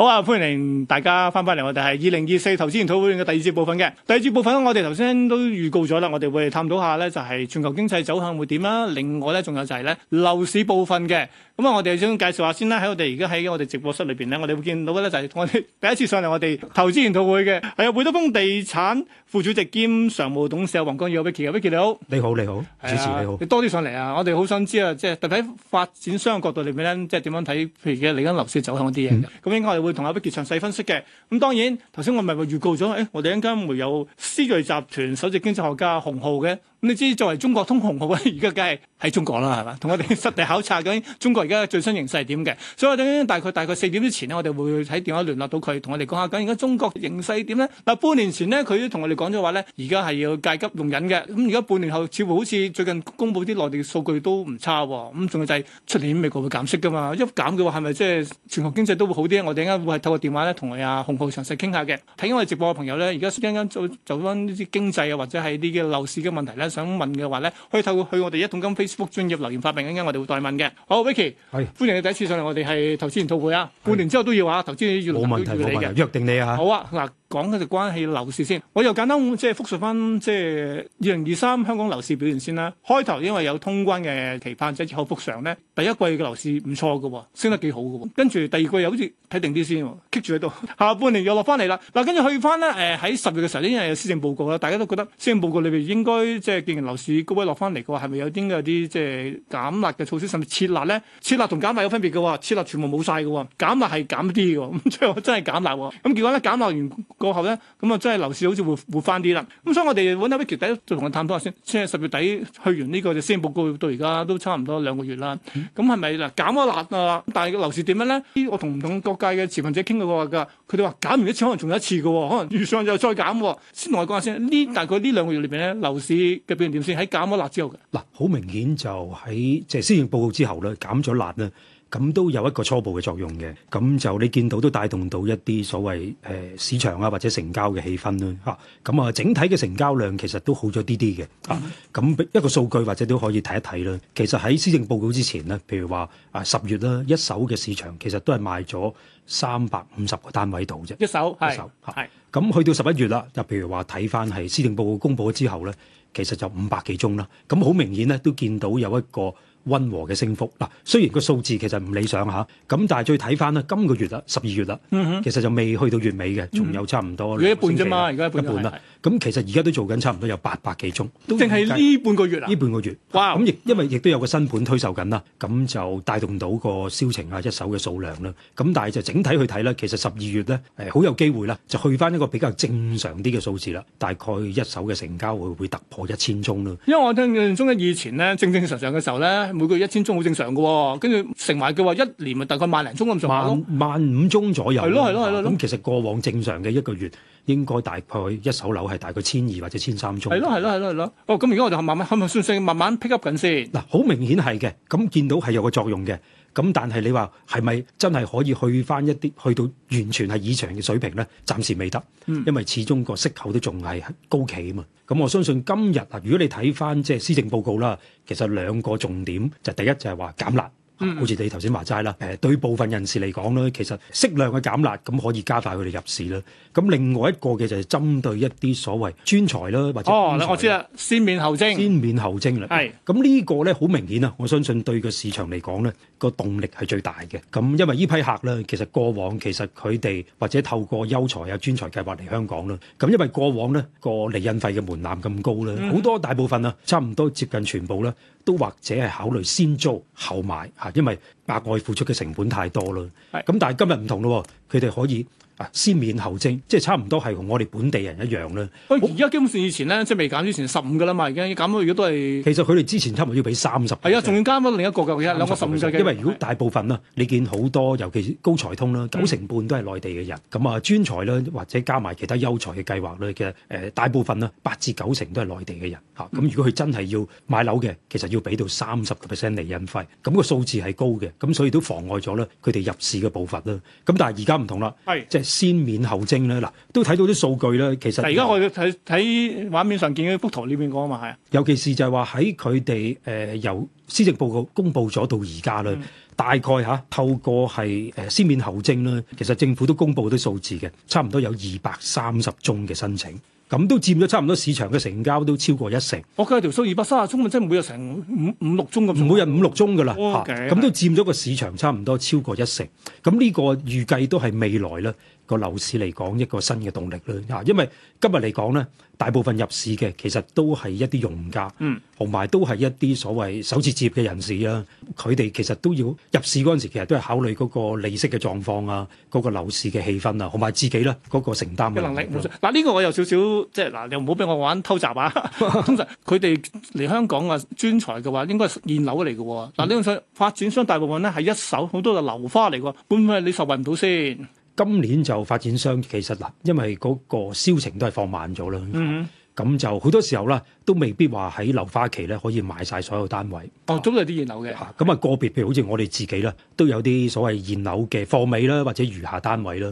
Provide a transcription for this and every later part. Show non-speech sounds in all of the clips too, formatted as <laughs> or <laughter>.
好啊，歡迎大家翻返嚟。我哋係二零二四投資研討會嘅第二節部分嘅。第二節部分我哋頭先都預告咗啦，我哋會探討下咧就係全球經濟走向會點啦。另外咧，仲有就係咧樓市部分嘅。咁啊，我哋想介紹下先啦。喺我哋而家喺我哋直播室裏邊咧，我哋會見到嘅咧就係我哋第一次上嚟我哋投資研討會嘅係啊，會德豐地產副主席兼常務董事黃光耀啊，Vicky 啊，Vicky 你，你好，你好你好，主、啊、持你好，你多啲上嚟啊！我哋好想知啊，即係特別喺發展商嘅角度裏面咧，即係點樣睇，譬如嘅而家樓市走向嗰啲嘢。咁應該我哋會。同阿畢傑詳細分析嘅，咁當然頭先我咪預告咗，誒、欸，我哋陣間會有思睿集團首席經濟學家洪灝嘅，咁、嗯、你知作為中國通洪灝咧，而家梗係喺中國啦，係嘛，同我哋實地考察緊中國而家嘅最新形勢點嘅，所以我哋大概大概四點之前咧，我哋會喺電話聯絡到佢，同我哋講下緊而家中國形勢點咧。嗱半年前呢，佢同我哋講咗話咧，而家係要戒急用忍嘅，咁而家半年後似乎好似最近公布啲內地嘅數據都唔差喎，咁仲係就係出年美國會減息㗎嘛，一減嘅話係咪即係全國經濟都會好啲？我哋會係透過電話咧同、啊、我啊洪灝詳細傾下嘅睇緊我哋直播嘅朋友咧，而家啱啱就就翻呢啲經濟啊，或者係啲樓市嘅問題咧，想問嘅話咧，可以透過去我哋一桶金 Facebook 專頁留言發問。一陣間我哋會代問嘅。好，Vicky，係是歡迎你第一次上嚟，我哋係投資研討會啊，半是年之後都要啊，投資冇問題，約定你啊。好啊，嗱。講緊就關係樓市先，我又簡單即係復述翻即係二零二三香港樓市表現先啦。開頭因為有通關嘅期盼，即係後復常咧，第一季嘅樓市唔錯嘅，升得幾好嘅。跟住第二季又好似睇定啲先，keep 住喺度。下半年又落翻嚟啦。嗱，跟住去翻咧，誒喺十月嘅時候咧，因為有施政報告啦，大家都覺得施政報告裏邊應該即係既然樓市高位落翻嚟嘅話，係咪有啲嘅啲即係減辣嘅措施，甚至撤辣咧？撤辣同減辣有分別嘅喎，撤辣全部冇晒嘅喎，減辣係減啲嘅喎。咁即係真係減辣喎。咁結果咧，減辣完。過後咧，咁、嗯、啊真係樓市好似會會翻啲啦。咁、嗯、所以我哋揾阿 Vicky 第一，就同佢探討下先。先係十月底去完呢個就施政報告到，到而家都差唔多兩個月啦。咁係咪嗱減咗辣啊？但係個樓市點樣咧？呢我同唔同各界嘅持份者傾過話㗎，佢哋話減完一次可能仲有一次嘅喎，可能遇上就再減。先同我講下先。呢大概呢兩個月裏邊咧，樓市嘅表現點先？喺減咗辣之後嘅嗱，好、嗯、明顯就喺即係施政報告之後咧，減咗辣咧。咁都有一個初步嘅作用嘅，咁就你見到都帶動到一啲所謂誒、呃、市場啊或者成交嘅氣氛啦、啊、嚇，咁啊整體嘅成交量其實都好咗啲啲嘅，啊，咁一個數據或者都可以睇一睇啦、啊。其實喺施政報告之前呢，譬如話啊十月啦，一手嘅市場其實都係賣咗三百五十個單位度啫，一手，一手，係是，咁、啊、去到十一月啦，就譬如話睇返係施政報告公佈咗之後咧，其實就五百幾宗啦，咁好明顯咧都見到有一個溫和嘅升幅嗱，雖然個數字其實唔理想嚇，咁但係再睇翻咧，今個月啦，十二月啦，其實就未去到月尾嘅，仲有差唔多、嗯、一半啫嘛，而家一半啦。咁其實而家都做緊差唔多有八百幾宗，淨係呢半個月啊，呢半個月哇！咁亦 Wow, 因為亦都有個新盤推售緊啦，咁就帶動到個銷情啊，一手嘅數量啦。咁但係就整體去睇咧，其實十二月咧，誒好有機會啦，就去翻一個比較正常啲嘅數字啦，大概一手嘅成交會會突破一千宗咯。因為我聽中一以前咧，正正常常嘅時候咧。每個月一千宗好正常嘅喎，啊，跟住成埋佢話一年咪大概萬零宗咁上下咯萬，萬五宗左右，啊。係咯係咯係咯，咁，啊，其實過往正常嘅一個月，應該大概一手樓係大概千二或者千三宗。係咯，係咯，係咯，係咯。哦，咁如果我哋慢慢，係咪相慢慢 pick up 緊先？嗱，好明顯係嘅，咁見到係有個作用嘅。咁但係你話係咪真係可以去翻一啲去到完全係以長嘅水平咧？暫時未得，嗯、因為始終個息口都仲係高企啊嘛。咁我相信今日啊，如果你睇翻即係施政報告啦，其實兩個重點就第一就係、是、話減辣。好似你頭先話齋啦，誒對部分人士嚟講咧，其實適量嘅減辣咁可以加快佢哋入市啦。咁另外一個嘅就係針對一啲所謂專才啦，或者哦，我知啦，先免後徵，先免後徵啦。係咁呢個咧好明顯啊！我相信對個市場嚟講咧個動力係最大嘅。咁因為呢批客咧，其實過往其實佢哋或者透過優才啊專才計劃嚟香港啦。咁因為過往呢個離印費嘅門檻咁高咧，好、嗯、多大部分啊差唔多接近全部咧都或者係考慮先租後買。因為額外付出嘅成本太多啦，咁係 但係今日唔同咯，佢哋可以。啊、先免後徵，即係差唔多係同我哋本地人一樣啦。而家基本上以前咧，我即係未減之前十五嘅啦嘛，而家減到，如果都係其實佢哋之前差唔多要俾三十，係啊，仲要加翻另一個㗎，其實兩個十五嘅。因為如果大部分啦，的你見好多，尤其高才通啦，九成半都係內地嘅人。咁啊的，專才啦，或者加埋其他優才嘅計劃咧嘅，誒大部分啦，八至九成都係內地嘅人。嚇的，咁如果佢真係要買樓嘅，其實要俾到三十個 percent 釐印費，咁、個數字係高嘅，咁所以都妨礙咗咧佢哋入市嘅步伐啦。咁但係而家唔同啦，係即係。先免後徵咧，嗱都睇到啲數據咧。其實，而家我哋睇睇畫面上見嗰幅圖裏邊講啊嘛，係。尤其是就係話喺佢哋誒由施政報告公布咗到而家咧，嗯、大概嚇、啊、透過係誒、呃、先免後徵咧，其實政府都公布啲數字嘅，差唔多有二百三十宗嘅申請，咁都佔咗差唔多市場嘅成交都超過一成。我計條數二百三十宗，即係每日成五五六宗咁。每日五六宗㗎啦，咁都佔咗個市場差唔多超過一成。咁、嗯、呢、這個預計都係未來啦。嗯個樓市嚟講，一個新嘅動力咧嚇，因為今日嚟講咧，大部分入市嘅其實都係一啲用家，嗯，同埋都係一啲所謂首次置業嘅人士啊。佢哋其實都要入市嗰陣時，其實都係考慮嗰個利息嘅狀況啊，嗰個樓市嘅氣氛啊，同埋自己咧嗰個承擔嘅能力。嗱，呢個我有少少即係嗱，你唔好俾我玩偷襲啊！ <laughs> 通常佢哋嚟香港啊，專才嘅話應該係現樓嚟嘅喎。嗱，呢個發展商大部分咧係一手，好多就樓花嚟嘅喎，會唔會你受惠唔到先？今年就發展商其實嗱，因為嗰個銷情都係放慢咗啦，咁、mm hmm. 嗯、就好多時候啦，都未必話喺樓花期咧可以賣晒所有單位。哦，都係啲現樓嘅，咁啊、嗯、那個別譬如好似我哋自己啦，都有啲所謂現樓嘅貨尾啦，或者餘下單位啦，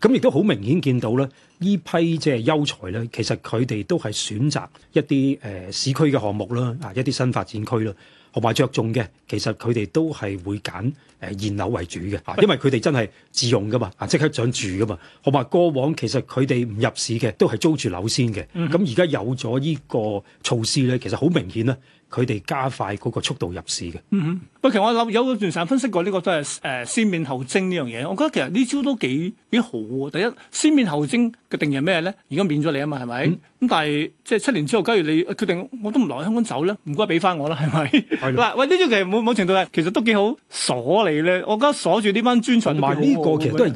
咁亦都好明顯見到咧，呢批即係優才咧，其實佢哋都係選擇一啲誒、呃、市區嘅項目啦，啊一啲新發展區啦。同埋着重嘅，其實佢哋都係會揀誒現樓為主嘅，因為佢哋真係自用噶嘛，啊即刻想住噶嘛。同埋過往其實佢哋唔入市嘅都係租住樓先嘅，咁而家有咗呢個措施咧，其實好明顯啦。佢哋加快嗰個速度入市嘅、嗯。嗯哼，喂，其實我諗有段時間分析過呢個都係誒、呃、先免後徵呢樣嘢。我覺得其實呢招都幾幾好啊。第一，先免後徵嘅定義係咩咧？而家免咗你啊嘛，係咪？咁、嗯、但係即係七年之後，假如你決定我都唔留喺香港走咧，唔該俾翻我啦，係咪？嗱 <laughs> 的，喂，呢招其實冇冇程度係其實都幾好鎖你咧。我覺得鎖住呢班專才。同埋呢個其實都係業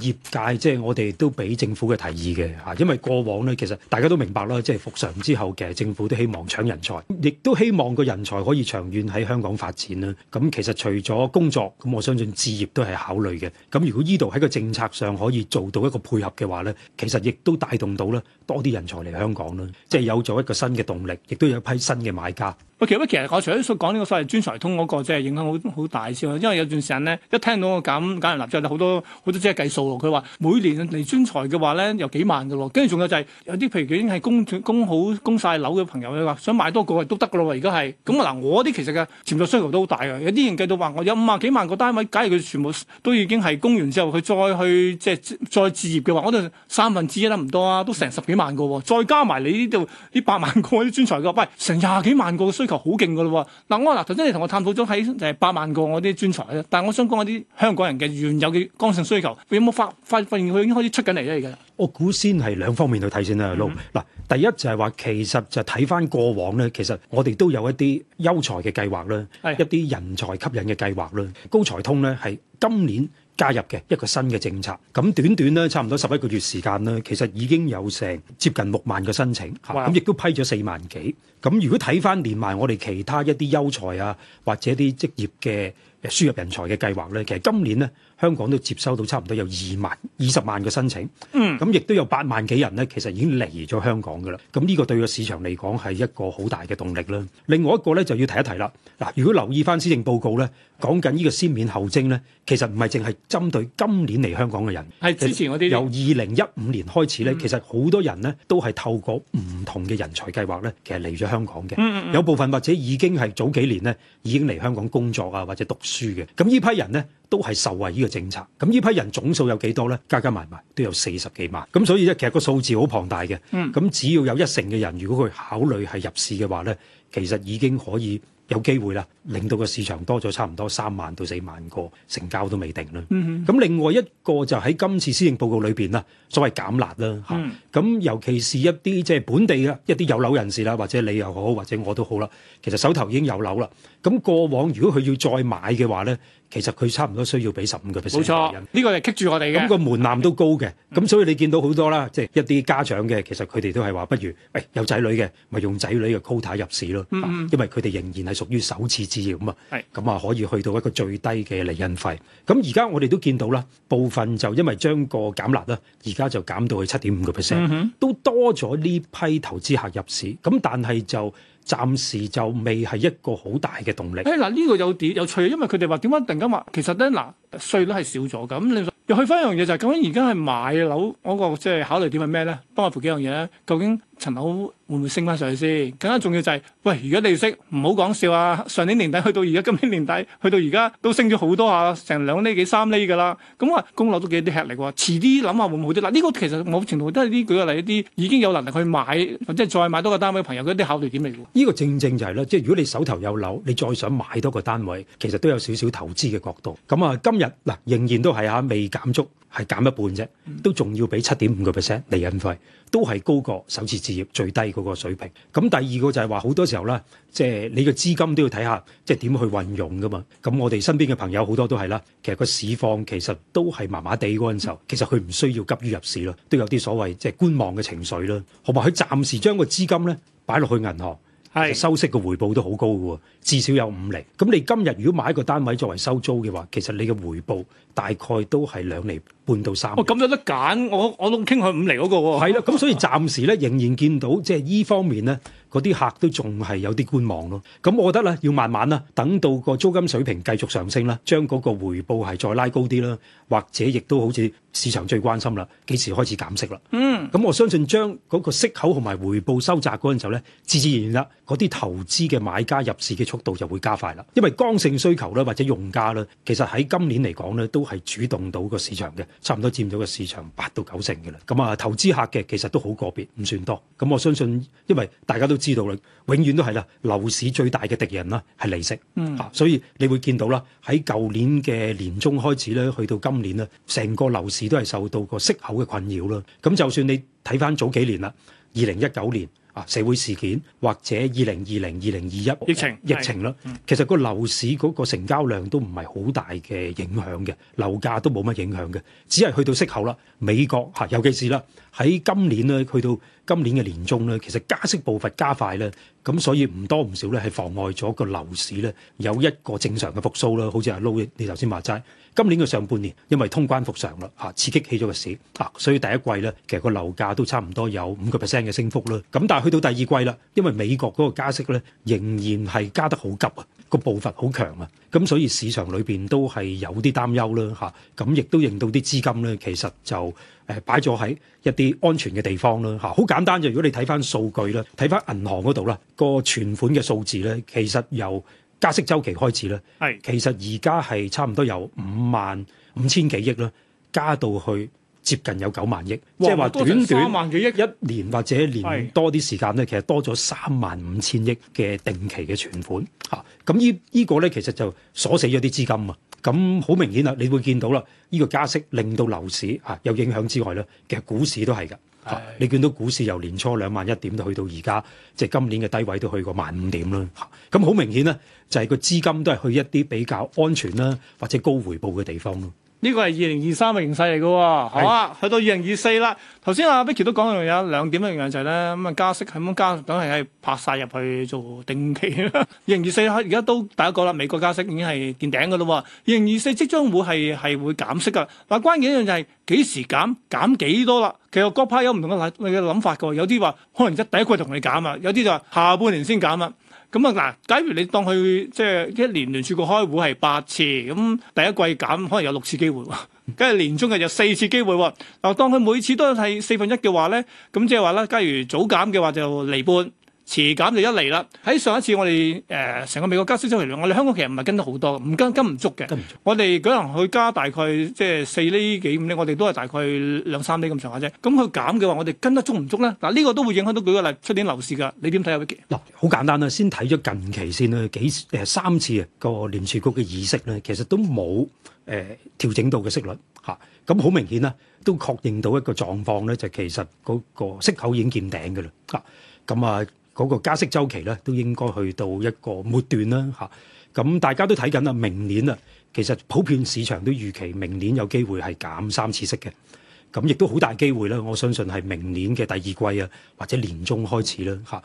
界即係麼我哋都俾政府嘅提議嘅嚇，因為過往咧其實大家都明白啦，即係復常之後，嘅政府都希望搶人才，亦都希望個人，才可以長遠喺香港發展啦。咁其實除咗工作，咁我相信置業都係考慮嘅。咁如果呢度喺個政策上可以做到一個配合嘅話呢，其實亦都帶動到咧多啲人才嚟香港啦，即係有咗一個新嘅動力，亦都有一批新嘅買家。其實我除咗講呢個所謂專才通嗰個，即係影響好好大先因為有段時間咧，一聽到我咁講完立將，好多好多即係計數喎。佢話每年嚟專才嘅話咧，有幾萬嘅咯。跟住仲有就係有啲譬如已經係供供好供晒樓嘅朋友咧，話想買多個都得嘅咯。而家係咁嗱，我啲其實嘅潛在需求都好大嘅。有啲人計到話，我有五萬幾萬個單位，假如佢全部都已經係供完之後，佢再去即係再置業嘅話，我哋三分之一都唔多啊，都成十幾萬個。再加埋你呢度呢八萬個啲專才嘅，唔係成廿幾萬個嘅需求？好勁噶咯喎！嗱，我嗱，頭先你同我探討咗喺就係八萬個我啲專才咧，但係我想講我啲香港人嘅原有嘅剛性需求，你有冇發發發現佢已經開始出緊嚟咧？而家我估先係兩方面去睇先啦，盧、嗯。嗱，第一就係話其實就睇返過往咧，其實我哋都有一啲優才嘅計劃啦，的一啲人才吸引嘅計劃啦，高才通咧係今年。加入嘅一個新嘅政策，咁短短呢差唔多十一個月時間呢，其實已經有成接近六萬個申請，咁亦都批咗四萬幾。咁如果睇翻連埋我哋其他一啲優才啊，或者啲職業嘅輸入人才嘅計劃咧，其實今年呢，香港都接收到差唔多有二萬、二十萬嘅申請，咁亦都有八萬幾人呢，其實已經嚟咗香港噶啦。咁、這、呢個對個市場嚟講係一個好大嘅動力啦。另外一個呢，就要提一提啦。嗱，如果留意翻施政報告呢，講緊呢個先免後徵呢，其實唔係淨係針對今年嚟香港嘅人，係之前嗰啲由二零一五年開始呢，嗯、其實好多人呢，都係透過唔同嘅人才計劃呢，其實嚟咗香港嘅，嗯嗯、有部分或者已經係早幾年呢，已經嚟香港工作啊或者讀書嘅。咁呢批人呢。都係受惠呢個政策，咁呢批人總數有幾多咧？加加埋埋都有四十幾萬，咁所以咧，其實個數字好龐大嘅。咁、嗯、只要有一成嘅人，如果佢考慮係入市嘅話咧，其實已經可以有機會啦，令到個市場多咗差唔多三萬到四萬個成交都未定啦。咁、嗯嗯、另外一個就喺今次施政報告裏邊啦，所謂減辣啦吓。咁、嗯、尤其是一啲即係本地嘅一啲有樓人士啦，或者你又好，或者我都好啦，其實手頭已經有樓啦。咁過往如果佢要再買嘅話咧。其實佢差唔多需要俾十五個 percent 冇錯，呢個係棘住我哋嘅。咁個門檻都高嘅，咁的所以你見到好多啦，嗯、即係一啲家長嘅，其實佢哋都係話不如，誒、哎、有仔女嘅咪用仔女嘅 quota 入市咯，嗯嗯，因為佢哋仍然係屬於首次置業啊嘛。係咁啊，可以去到一個最低嘅釐印費。咁而家我哋都見到啦，部分就因為將個減辣啦，而家就減到去七點五個 percent，都多咗呢批投資客入市。咁但係就。暫時就未係一個好大嘅動力。誒，嗱，呢個有啲有趣，因為佢哋話點解突然間話其實咧，嗱，稅率係少咗噉，你。又去翻一樣嘢就係究竟而家係買樓嗰個即係考慮點係咩咧？幫我附幾樣嘢咧。究竟層樓會唔會升翻上去先？更加重要就係，喂，如果利息唔好講笑啊！上年年底去到而家，今年年底去到而家都升咗好多啊，成兩厘幾三厘㗎、嗯、啦。咁啊，供樓都幾啲吃力喎。遲啲諗下會唔會好啲？嗱，呢個其實某程度都係啲舉個例一，啲已經有能力去買或者、就是、再買多個單位朋友嗰啲考慮點嚟㗎。呢個正正就係、是、啦，即係如果你手頭有樓，你再想買多個單位，其實都有少少投資嘅角度。咁啊，今日嗱仍然都係啊，未。減足係減一半啫，都仲要俾七點五個 percent 厘印費，都係高過首次置業最低嗰個水平。咁第二個就係話好多時候啦，即係你嘅資金都要睇下，即係點去運用噶嘛。咁我哋身邊嘅朋友好多都係啦，其實個市況其實都係麻麻地嗰陣時候，其實佢唔需要急於入市咯，都有啲所謂即係觀望嘅情緒啦，同埋佢暫時將個資金咧擺落去銀行。是收息嘅回報都好高㗎喎，至少有五厘。咁你今日如果買一個單位作為收租嘅話，其實你嘅回報大概都係兩厘半到三，哇、哦！咁有得揀，我我都傾向五釐嗰、嗰個喎。係啦， <laughs> 咁所以暫時咧仍然見到即係依方面咧，嗰啲客都仲係有啲觀望咯。咁我覺得咧，要慢慢啦，等到個租金水平繼續上升啦，將嗰個回報係再拉高啲啦，或者亦都好似市場最關心啦，幾時開始減息啦？嗯，咁我相信將嗰個息口同埋回報收窄嗰陣時候咧，自，自然而然啦，嗰啲投資嘅買家入市嘅速度就會加快啦。因為剛性需求咧或者用家咧，其實喺今年嚟講咧都係主動到個市場嘅。差唔多佔咗個市場八到九成嘅啦，咁啊投資客嘅其實都好個別，唔算多。咁我相信，因為大家都知道啦，永遠都係啦，樓市最大嘅敵人啦係利息，嚇、嗯啊，所以你會見到啦，喺舊年嘅年中開始咧，去到今年呢，成個樓市都係受到個息口嘅困擾啦。咁就算你睇翻早幾年啦，二零一九年。啊，社會事件或者二零二零、二零二一疫情疫情啦，其實個樓市嗰個成交量都唔係好大嘅影響嘅，樓價都冇乜影響嘅，只係去到息口啦。美國嚇、啊，尤其是啦，喺今年咧，去到今年嘅年中咧，其實加息步伐加快咧，咁所以唔多唔少咧，係妨礙咗個樓市咧有一個正常嘅復甦啦。好似阿 Lo 你頭先話齋。今年嘅上半年，因為通關復常啦，嚇刺激起咗個市，啊，所以第一季咧，其實個樓價都差唔多有五個 percent 嘅升幅啦。咁但係去到第二季啦，因為美國嗰個加息咧，仍然係加得好急啊，個步伐好強啊，咁所以市場裏邊都係有啲擔憂啦，嚇。咁亦都令到啲資金咧，其實就誒擺咗喺一啲安全嘅地方啦，嚇。好簡單就，如果你睇翻數據啦，睇翻銀行嗰度啦，個存款嘅數字咧，其實由加息週期開始啦，係其實而家係差唔多由五萬五千幾億啦，加到去接近有九萬億，哇即係話短短三萬幾億一年或者一年多啲時間咧，的其實多咗三萬五千億嘅定期嘅存款嚇，咁、啊、呢依個咧其實就鎖死咗啲資金啊，咁好明顯啦，你會見到啦，呢個加息令到樓市嚇有影響之外咧，其實股市都係㗎，嚇的、啊、你見到股市由年初兩萬一點到去到而家即係今年嘅低位都去過萬五點啦，咁好明顯啦。就係個資金都係去一啲比較安全啦、啊，或者高回報嘅地方咯、啊。呢個係二零二三嘅形勢嚟、啊、好啊， <noise> 是去到二零二四啦。頭先阿 Bicky 都講到有兩點一樣就係咧，咁啊加息，係咪加？等係係拍晒入去做定期二零二四而家都第一個啦，美國加息已經係見頂嘅咯、啊。二零二四即將會係係會減息嘅。但係關鍵一樣就係幾時減、減幾多啦。其實各派有唔同嘅諗嘅諗法嘅，有啲話可能一第一季度同你減啊，有啲就係下半年先減啊。咁啊嗱，假如你當佢即係一年聯儲局開會係八次，咁第一季減可能有六次機會，跟住年中嘅有四次機會嗱，當佢每次都係四分一嘅話咧，咁即係話咧，假如早減嘅話就離半。遲減就一嚟啦，喺上一次我哋誒成個美國加息週期嚟，我哋香港其實唔係跟得好多，唔跟跟唔足嘅。跟唔足，足，我哋可能去加大概即係四厘幾五釐，我哋都係大概兩三厘咁上下啫。咁佢減嘅話，我哋跟得足唔足咧？嗱，呢個都會影響到舉個例，出年樓市噶，你點睇有？嗱，好簡單啦，先睇咗近期先啦，幾誒三次個聯儲局嘅議息咧，其實都冇誒調整到嘅息率嚇，咁、啊、好、嗯、明顯啦，都確認到一個狀況咧，就是、其實嗰個息口已經見頂嘅啦。咁啊～啊啊啊啊啊嗰個加息周期咧，都應該去到一個末段啦嚇。咁、啊、大家都睇緊啦，明年啊，其實普遍市場都預期明年有機會係減三次息嘅。咁、啊、亦都好大機會啦，我相信係明年嘅第二季啊，或者年中開始啦嚇。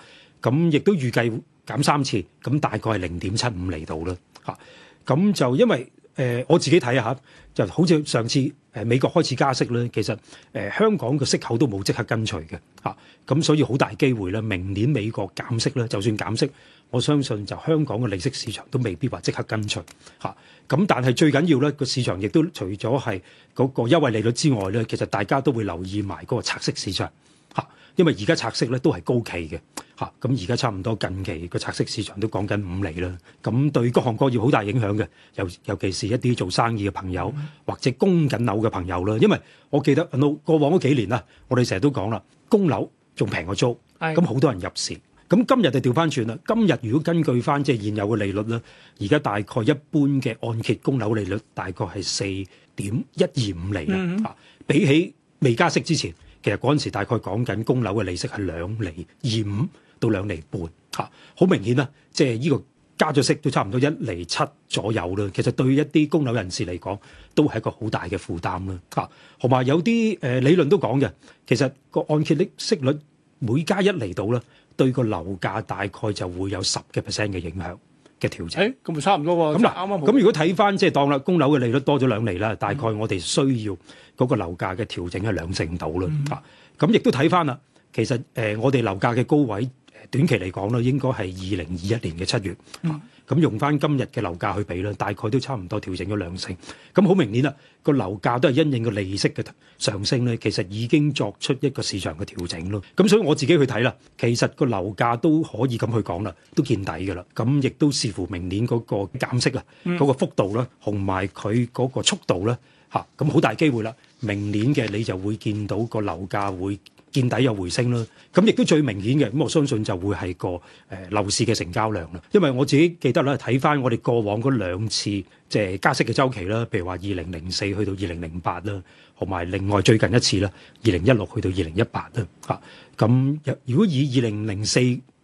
咁、啊、亦、啊、都預計減三次，咁大概係零點七五釐度啦嚇。咁、啊啊嗯、就因為誒、呃、我自己睇下、啊，就好似上次。誒美國開始加息咧，其實誒、呃、香港嘅息口都冇即刻跟隨嘅嚇，咁、啊、所以好大機會咧，明年美國減息咧，就算減息，我相信就香港嘅利息市場都未必話即刻跟隨嚇。咁、啊、但係最緊要咧，個市場亦都除咗係嗰個優惠利率之外咧，其實大家都會留意埋嗰個拆息市場嚇、啊，因為而家拆息咧都係高企嘅。嚇！咁而家差唔多近期個拆息市場都講緊五釐啦，咁對各行各業好大影響嘅。尤尤其是一啲做生意嘅朋友，或者供緊樓嘅朋友啦。因為我記得過往嗰幾年啦，我哋成日都講啦，供樓仲平過租，咁好多人入市。咁今日就調翻轉啦。今日如果根據翻即係現有嘅利率咧，而家大概一般嘅按揭供樓利率大概係四點一二五釐啊。比起未加息之前，其實嗰陣時大概講緊供樓嘅利息係兩釐二五。到兩厘半嚇，好明顯啦，即係呢個加咗息都差唔多一厘七左右啦。其實對一啲供樓人士嚟講，都係一個好大嘅負擔啦嚇。同、啊、埋有啲誒、呃、理論都講嘅，其實個按揭息息率每加一厘到啦，對個樓價大概就會有十嘅 percent 嘅影響嘅調整。咁就、欸、差唔多喎。咁嗱、嗯，啱啱咁如果睇翻即係當啦，供樓嘅利率多咗兩厘啦，大概我哋需要嗰個樓價嘅調整係兩成度啦嚇。咁、啊、亦、嗯嗯嗯、都睇翻啦，其實誒、呃、我哋樓價嘅高位。短期嚟講咧，應該係二零二一年嘅七月，咁、嗯、用翻今日嘅樓價去比咧，大概都差唔多調整咗兩成。咁好明年啦，個樓價都係因應個利息嘅上升咧，其實已經作出一個市場嘅調整咯。咁所以我自己去睇啦，其實個樓價都可以咁去講啦，都見底㗎啦。咁亦都視乎明年嗰個減息啊，嗰、嗯、個幅度咧，同埋佢嗰個速度咧，嚇咁好大機會啦。明年嘅你就會見到個樓價會見底又回升咯，咁亦都最明顯嘅，咁我相信就會係個誒、呃、樓市嘅成交量啦。因為我自己記得啦，睇返我哋過往嗰兩次即係、呃、加息嘅週期啦，譬如話二零零四去到二零零八啦，同埋另外最近一次啦，二零一六去到二零一八啦，嚇咁如果以二零零四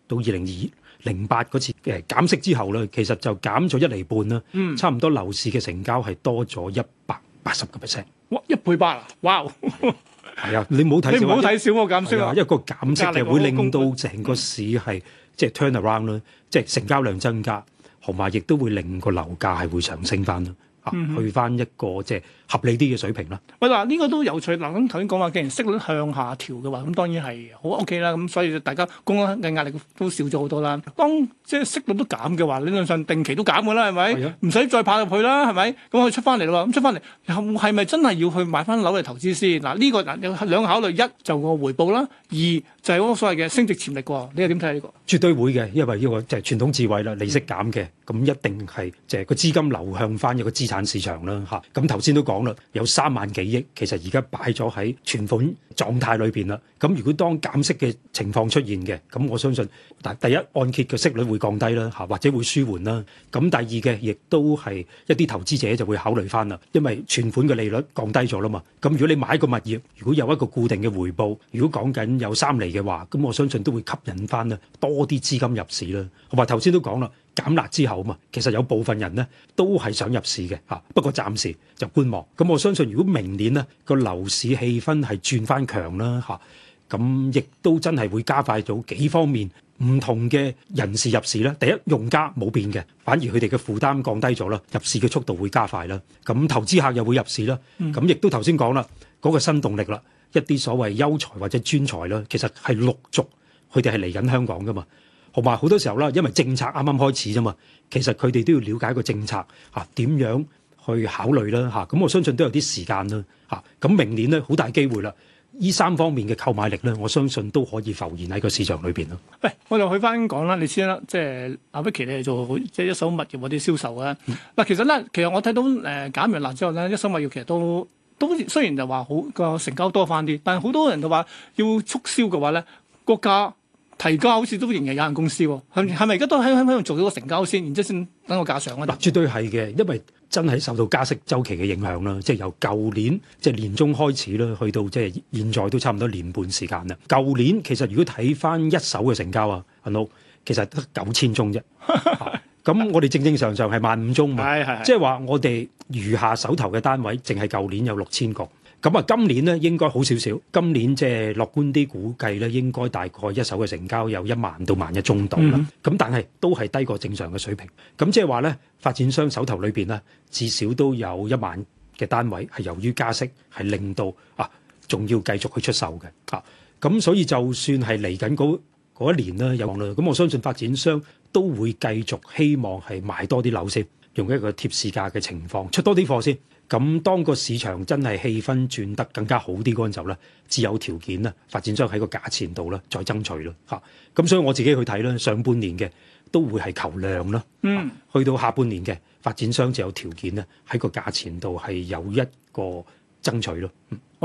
到二零二零八嗰次誒減息之後啦，其實就減咗一厘半啦，嗯、差唔多樓市嘅成交係多咗一百八十個 percent，哇一倍八啊，哇、wow. <laughs> 係啊，你唔好睇，唔好睇小我減息啊！一個減息就會令到成個市係即係 turnaround 咯，即係成交量增加，同埋亦都會令個樓價係會上升翻咯，啊去翻一個即係。就是合理啲嘅水平啦。喂，嗱 <noise> 呢個都有趣。嗱咁頭先講話既然息率向下調嘅話，咁當然係好 OK 啦。咁所以大家供應嘅壓力都少咗好多啦。當即係息率都減嘅話，理論上定期都減嘅啦，係咪？唔使的再爬入去啦，係咪？咁佢出翻嚟咯。咁出翻嚟又係咪真係要去買翻樓嚟投資先？嗱呢個嗱有兩個考慮：一就個回報啦；二就係、是、嗰所謂嘅升值潛力喎。你又點睇呢個？絕對會嘅，因為呢個即係傳統智慧啦。利息減嘅，咁、嗯、一定係即係個資金流向翻一個資產市場啦。吓、啊，咁頭先都講。講啦，有三萬幾億，其實而家擺咗喺存款狀態裏邊啦。咁如果當減息嘅情況出現嘅，咁我相信第第一按揭嘅息率會降低啦，吓或者會舒緩啦。咁第二嘅亦都係一啲投資者就會考慮翻啦，因為存款嘅利率降低咗啦嘛。咁如果你買個物業，如果有一個固定嘅回報，如果講緊有三厘嘅話，咁我相信都會吸引翻啦，多啲資金入市啦。同埋頭先都講啦。減辣之後嘛，其實有部分人呢都係想入市嘅嚇，不過暫時就觀望。咁我相信，如果明年呢個樓市氣氛係轉翻強啦嚇，咁亦都真係會加快咗幾方面唔同嘅人士入市啦。第一，用家冇變嘅，反而佢哋嘅負擔降低咗啦，入市嘅速度會加快啦。咁投資客又會入市啦。咁亦都頭先講啦，嗰個新動力啦，一啲所謂優才或者專才啦，其實係陸續佢哋係嚟緊香港㗎嘛。同埋好多時候啦，因為政策啱啱開始啫嘛，其實佢哋都要了解個政策嚇點、啊、樣去考慮啦嚇。咁、啊、我相信都有啲時間啦嚇。咁、啊、明年咧好大機會啦，呢三方面嘅購買力咧，我相信都可以浮現喺個市場裏邊咯。喂、欸，我就去翻講啦，你先啦，即、就、係、是、阿 Vicky、啊、咧做即係、就是、一手物業嗰啲銷售啊。嗱、嗯，其實咧，其實我睇到誒減完辣之後咧，一手物業其實都都雖然就話好，個成交多翻啲，但係好多人都要話要促銷嘅話咧，個價。提交好似都仍然有限公司喎，係咪？而家都喺喺度做到個成交先，然之後先等個價上啊？嗱，絕對係嘅，因為真係受到加息周期嘅影響啦，即係由舊年即係年中開始啦，去到即係現在都差唔多年半時間啦。舊年其實如果睇翻一手嘅成交 <laughs> 啊，阿老其實得九千宗啫，咁我哋正正常常係萬五宗嘛， <laughs> 即係話我哋餘下手頭嘅單位，淨係舊年有六千個。咁啊，今年咧應該好少少。今年即係樂觀啲估計咧，應該大概一手嘅成交有一萬到萬一宗度啦。咁但係都係低過正常嘅水平。咁即係話咧，發展商手頭裏邊咧，至少都有一萬嘅單位係由於加息，係令到啊，仲要繼續去出售嘅。啊，咁所以就算係嚟緊嗰嗰一年咧有咁，我相信發展商都會繼續希望係賣多啲樓先，用一個貼市價嘅情況出多啲貨先。咁當個市場真係氣氛轉得更加好啲嗰陣就咧，自有條件啦，發展商喺個價錢度咧再爭取咯吓。咁、啊、所以我自己去睇咧，上半年嘅都會係求量咯，嗯、啊，去到下半年嘅發展商自有條件咧喺個價錢度係有一個爭取咯。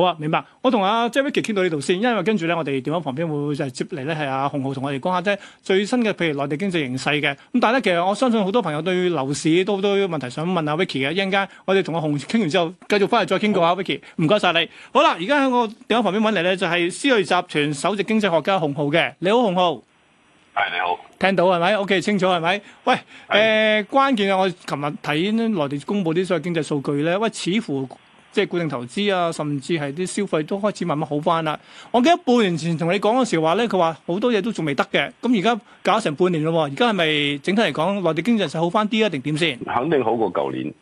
好啊，明白。我同阿 Vicky 傾到呢度先，因為跟住咧，我哋電話旁邊會就接嚟咧，係阿、啊、洪灝同我哋講下啫。最新嘅，譬如內地經濟形勢嘅。咁但係咧，其實我相信好多朋友對樓市都好多問題想問下 Vicky 嘅。一陣間我哋同阿洪傾完之後，繼續翻嚟再傾過下 Vicky。唔該晒你。好啦，而家喺我電話旁邊揾嚟咧，就係思睿集團首席經濟學家洪灝嘅。你好，洪灝。係你好。聽到係咪？OK，清楚係咪？喂，誒是、呃，關鍵啊！我琴日睇內地公布啲所謂經濟數據咧，喂，似乎。即係固定投資啊，甚至係啲消費都開始慢慢好翻啦。我記得半年前同你講嘅時話咧，佢話好多嘢都仲未得嘅。咁而家搞成半年咯，而家係咪整體嚟講內地經濟實好翻啲啊？定點先？肯定好過舊年，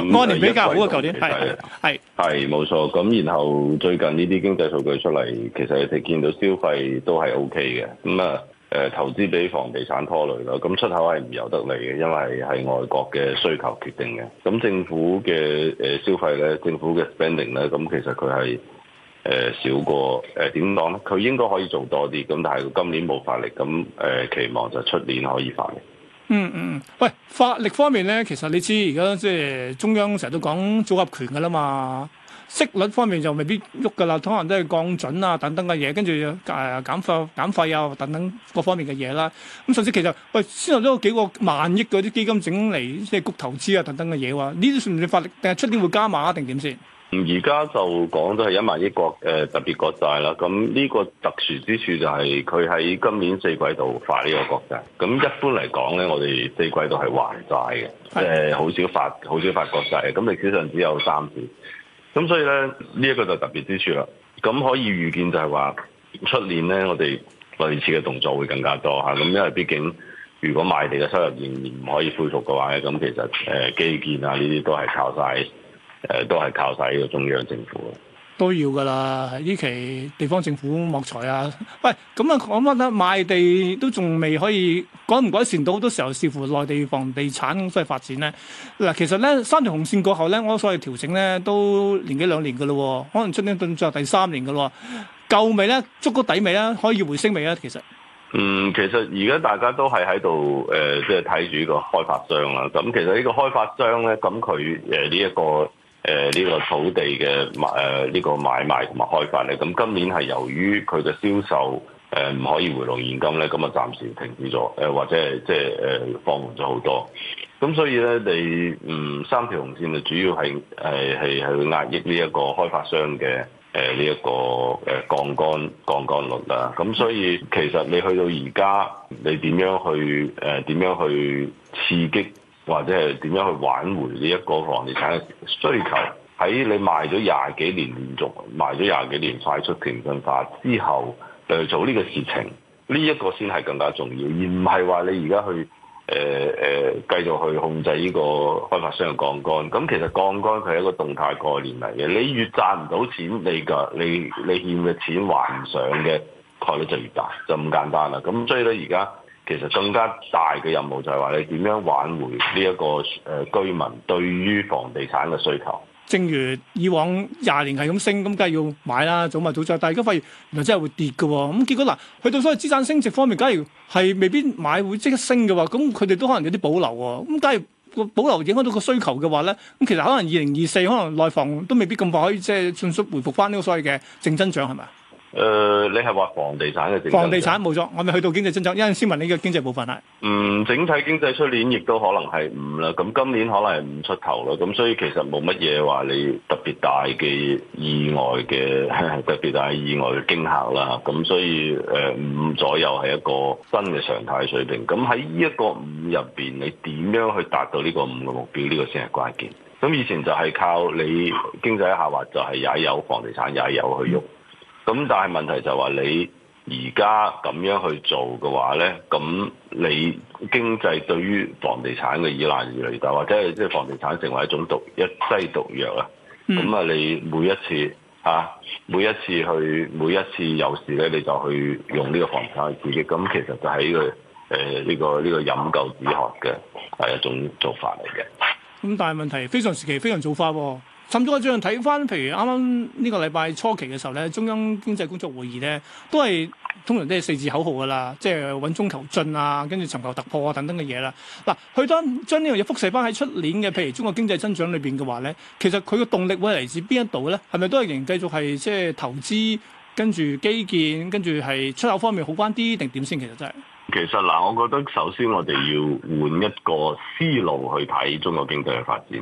今年比較好過舊年係係係冇錯。咁然後最近呢啲經濟數據出嚟，其實你哋見到消費都係 OK 嘅咁啊。誒，投資俾房地產拖累啦，咁出口係唔由得你嘅，因為係外國嘅需求決定嘅。咁政府嘅誒消費咧，政府嘅 spending 咧，咁其實佢係誒少過誒點講咧，佢、呃、應該可以做多啲，咁但係今年冇發力，咁誒、呃、期望就出年可以發力。嗯嗯，喂，發力方面咧，其實你知而家即係中央成日都講組合拳噶啦嘛。息率方面就未必喐㗎啦，可能都係降準啊等等嘅嘢，跟住誒減費減費啊等等各方面嘅嘢啦。咁甚至其實，喂，先頭都有幾個萬億嗰啲基金整嚟即係谷投資啊等等嘅嘢喎。呢啲算唔算發力？定係出年會加碼定點先？而家就講都係一萬億國誒、呃、特別國債啦。咁呢個特殊之處就係佢喺今年四季度發呢個國債。咁一般嚟講咧，我哋四季度係還債嘅，即係好少發好少發國債。咁歷史上只有三次。咁所以咧，呢、這、一個就特別之處啦。咁可以預見就係話，出年咧，我哋類似嘅動作會更加多嚇。咁、啊、因為畢竟，如果賣地嘅收入仍然唔可以恢復嘅話咧，咁其實誒、呃、基建啊呢啲都係靠晒，誒、呃，都係靠晒呢個中央政府。都要噶啦，呢期地方政府莫財啊！喂，咁啊，我覺得賣地都仲未可以改唔改善到，好多時候視乎內地房地產嘅發展咧。嗱，其實咧，三條紅線過後咧，我所謂調整咧都年幾兩年噶咯喎，可能出年仲着第三年噶咯喎，夠未咧？觸個底未咧？可以回升未咧？其實，嗯，其實而家大家都係喺度誒，即係睇住呢個開發商啦。咁、啊、其實呢個開發商咧，咁佢誒呢一個。誒呢個土地嘅買呢、呃這個買賣同埋開發咧，咁今年係由於佢嘅銷售誒唔可以回籠現金咧，咁啊暫時停止咗，誒或者係即係誒放緩咗好多。咁所以咧，你嗯三條紅線就主要係誒係去壓抑呢一個開發商嘅誒呢一個誒槓桿槓桿率啦。咁所以其實你去到而家，你點樣去誒點、呃、樣去刺激？或者係點樣去挽回呢一個房地產、就是、需求？喺你賣咗廿幾年，連續賣咗廿幾年快速平民化之後，你去做呢個事情，呢、這、一個先係更加重要，而唔係話你而家去誒誒、呃呃、繼續去控制呢個開發商嘅槓桿。咁其實槓桿佢係一個動態概念嚟嘅，你越賺唔到錢，你個你你欠嘅錢還唔上嘅概率就越大，就咁簡單啦。咁所以咧，而家。其實更加大嘅任務就係話你點樣挽回呢、這、一個誒、呃、居民對於房地產嘅需求。正如以往廿年係咁升，咁梗係要買啦，早買早賺。但係而家發現原來真係會跌嘅喎、喔。咁結果嗱，去到所謂資產升值方面，假如係未必買會即刻升嘅話，咁佢哋都可能有啲保留喎、喔。咁假如個保留影響到個需求嘅話咧，咁其實可能二零二四可能內房都未必咁快可以即係迅速回復翻呢個所謂嘅正增長係咪？誒、呃，你係話房地產嘅情況？房地產冇錯，我未去到經濟增長，一陣先問你嘅經濟部分啦。嗯，整體經濟出年亦都可能係五啦，咁今年可能係五出頭啦，咁所以其實冇乜嘢話你特別大嘅意外嘅特別大意外嘅驚嚇啦。咁所以誒五左右係一個新嘅常態水平。咁喺呢一個五入邊，你點樣去達到呢個五嘅目標？呢、呢個先係關鍵。咁以前就係靠你經濟下滑，就係也有房地產，也有去喐。咁但係問題就係話你而家咁樣去做嘅話呢，咁你經濟對於房地產嘅依賴越嚟越大，或者係即係房地產成為一種毒一劑毒藥啊！咁啊，你每一次嚇、啊，每一次去，每一次有事呢，你就去用呢個房地產去刺激，咁其實就係、呢個誒呢、呃呢個呢、呢個飲鴆止渴嘅係一種做法嚟嘅。咁但係問題非常時期，非常做法喎。甚至我最近睇翻，譬如啱啱呢個禮拜初期嘅時候咧，中央經濟工作會議咧，都係通常都係四字口號噶啦，即係穩中求進啊，跟住尋求突破啊等等嘅嘢啦。嗱、啊，去當將呢樣嘢輻射翻喺出年嘅，譬如中國經濟增長裏邊嘅話咧，其實佢嘅動力會嚟自邊一度咧？係咪都係仍然繼續係即係投資，跟住基建，跟住係出口方面好翻啲定點先？其實真係。其實嗱，我覺得首先我哋要換一個思路去睇中國經濟嘅發展。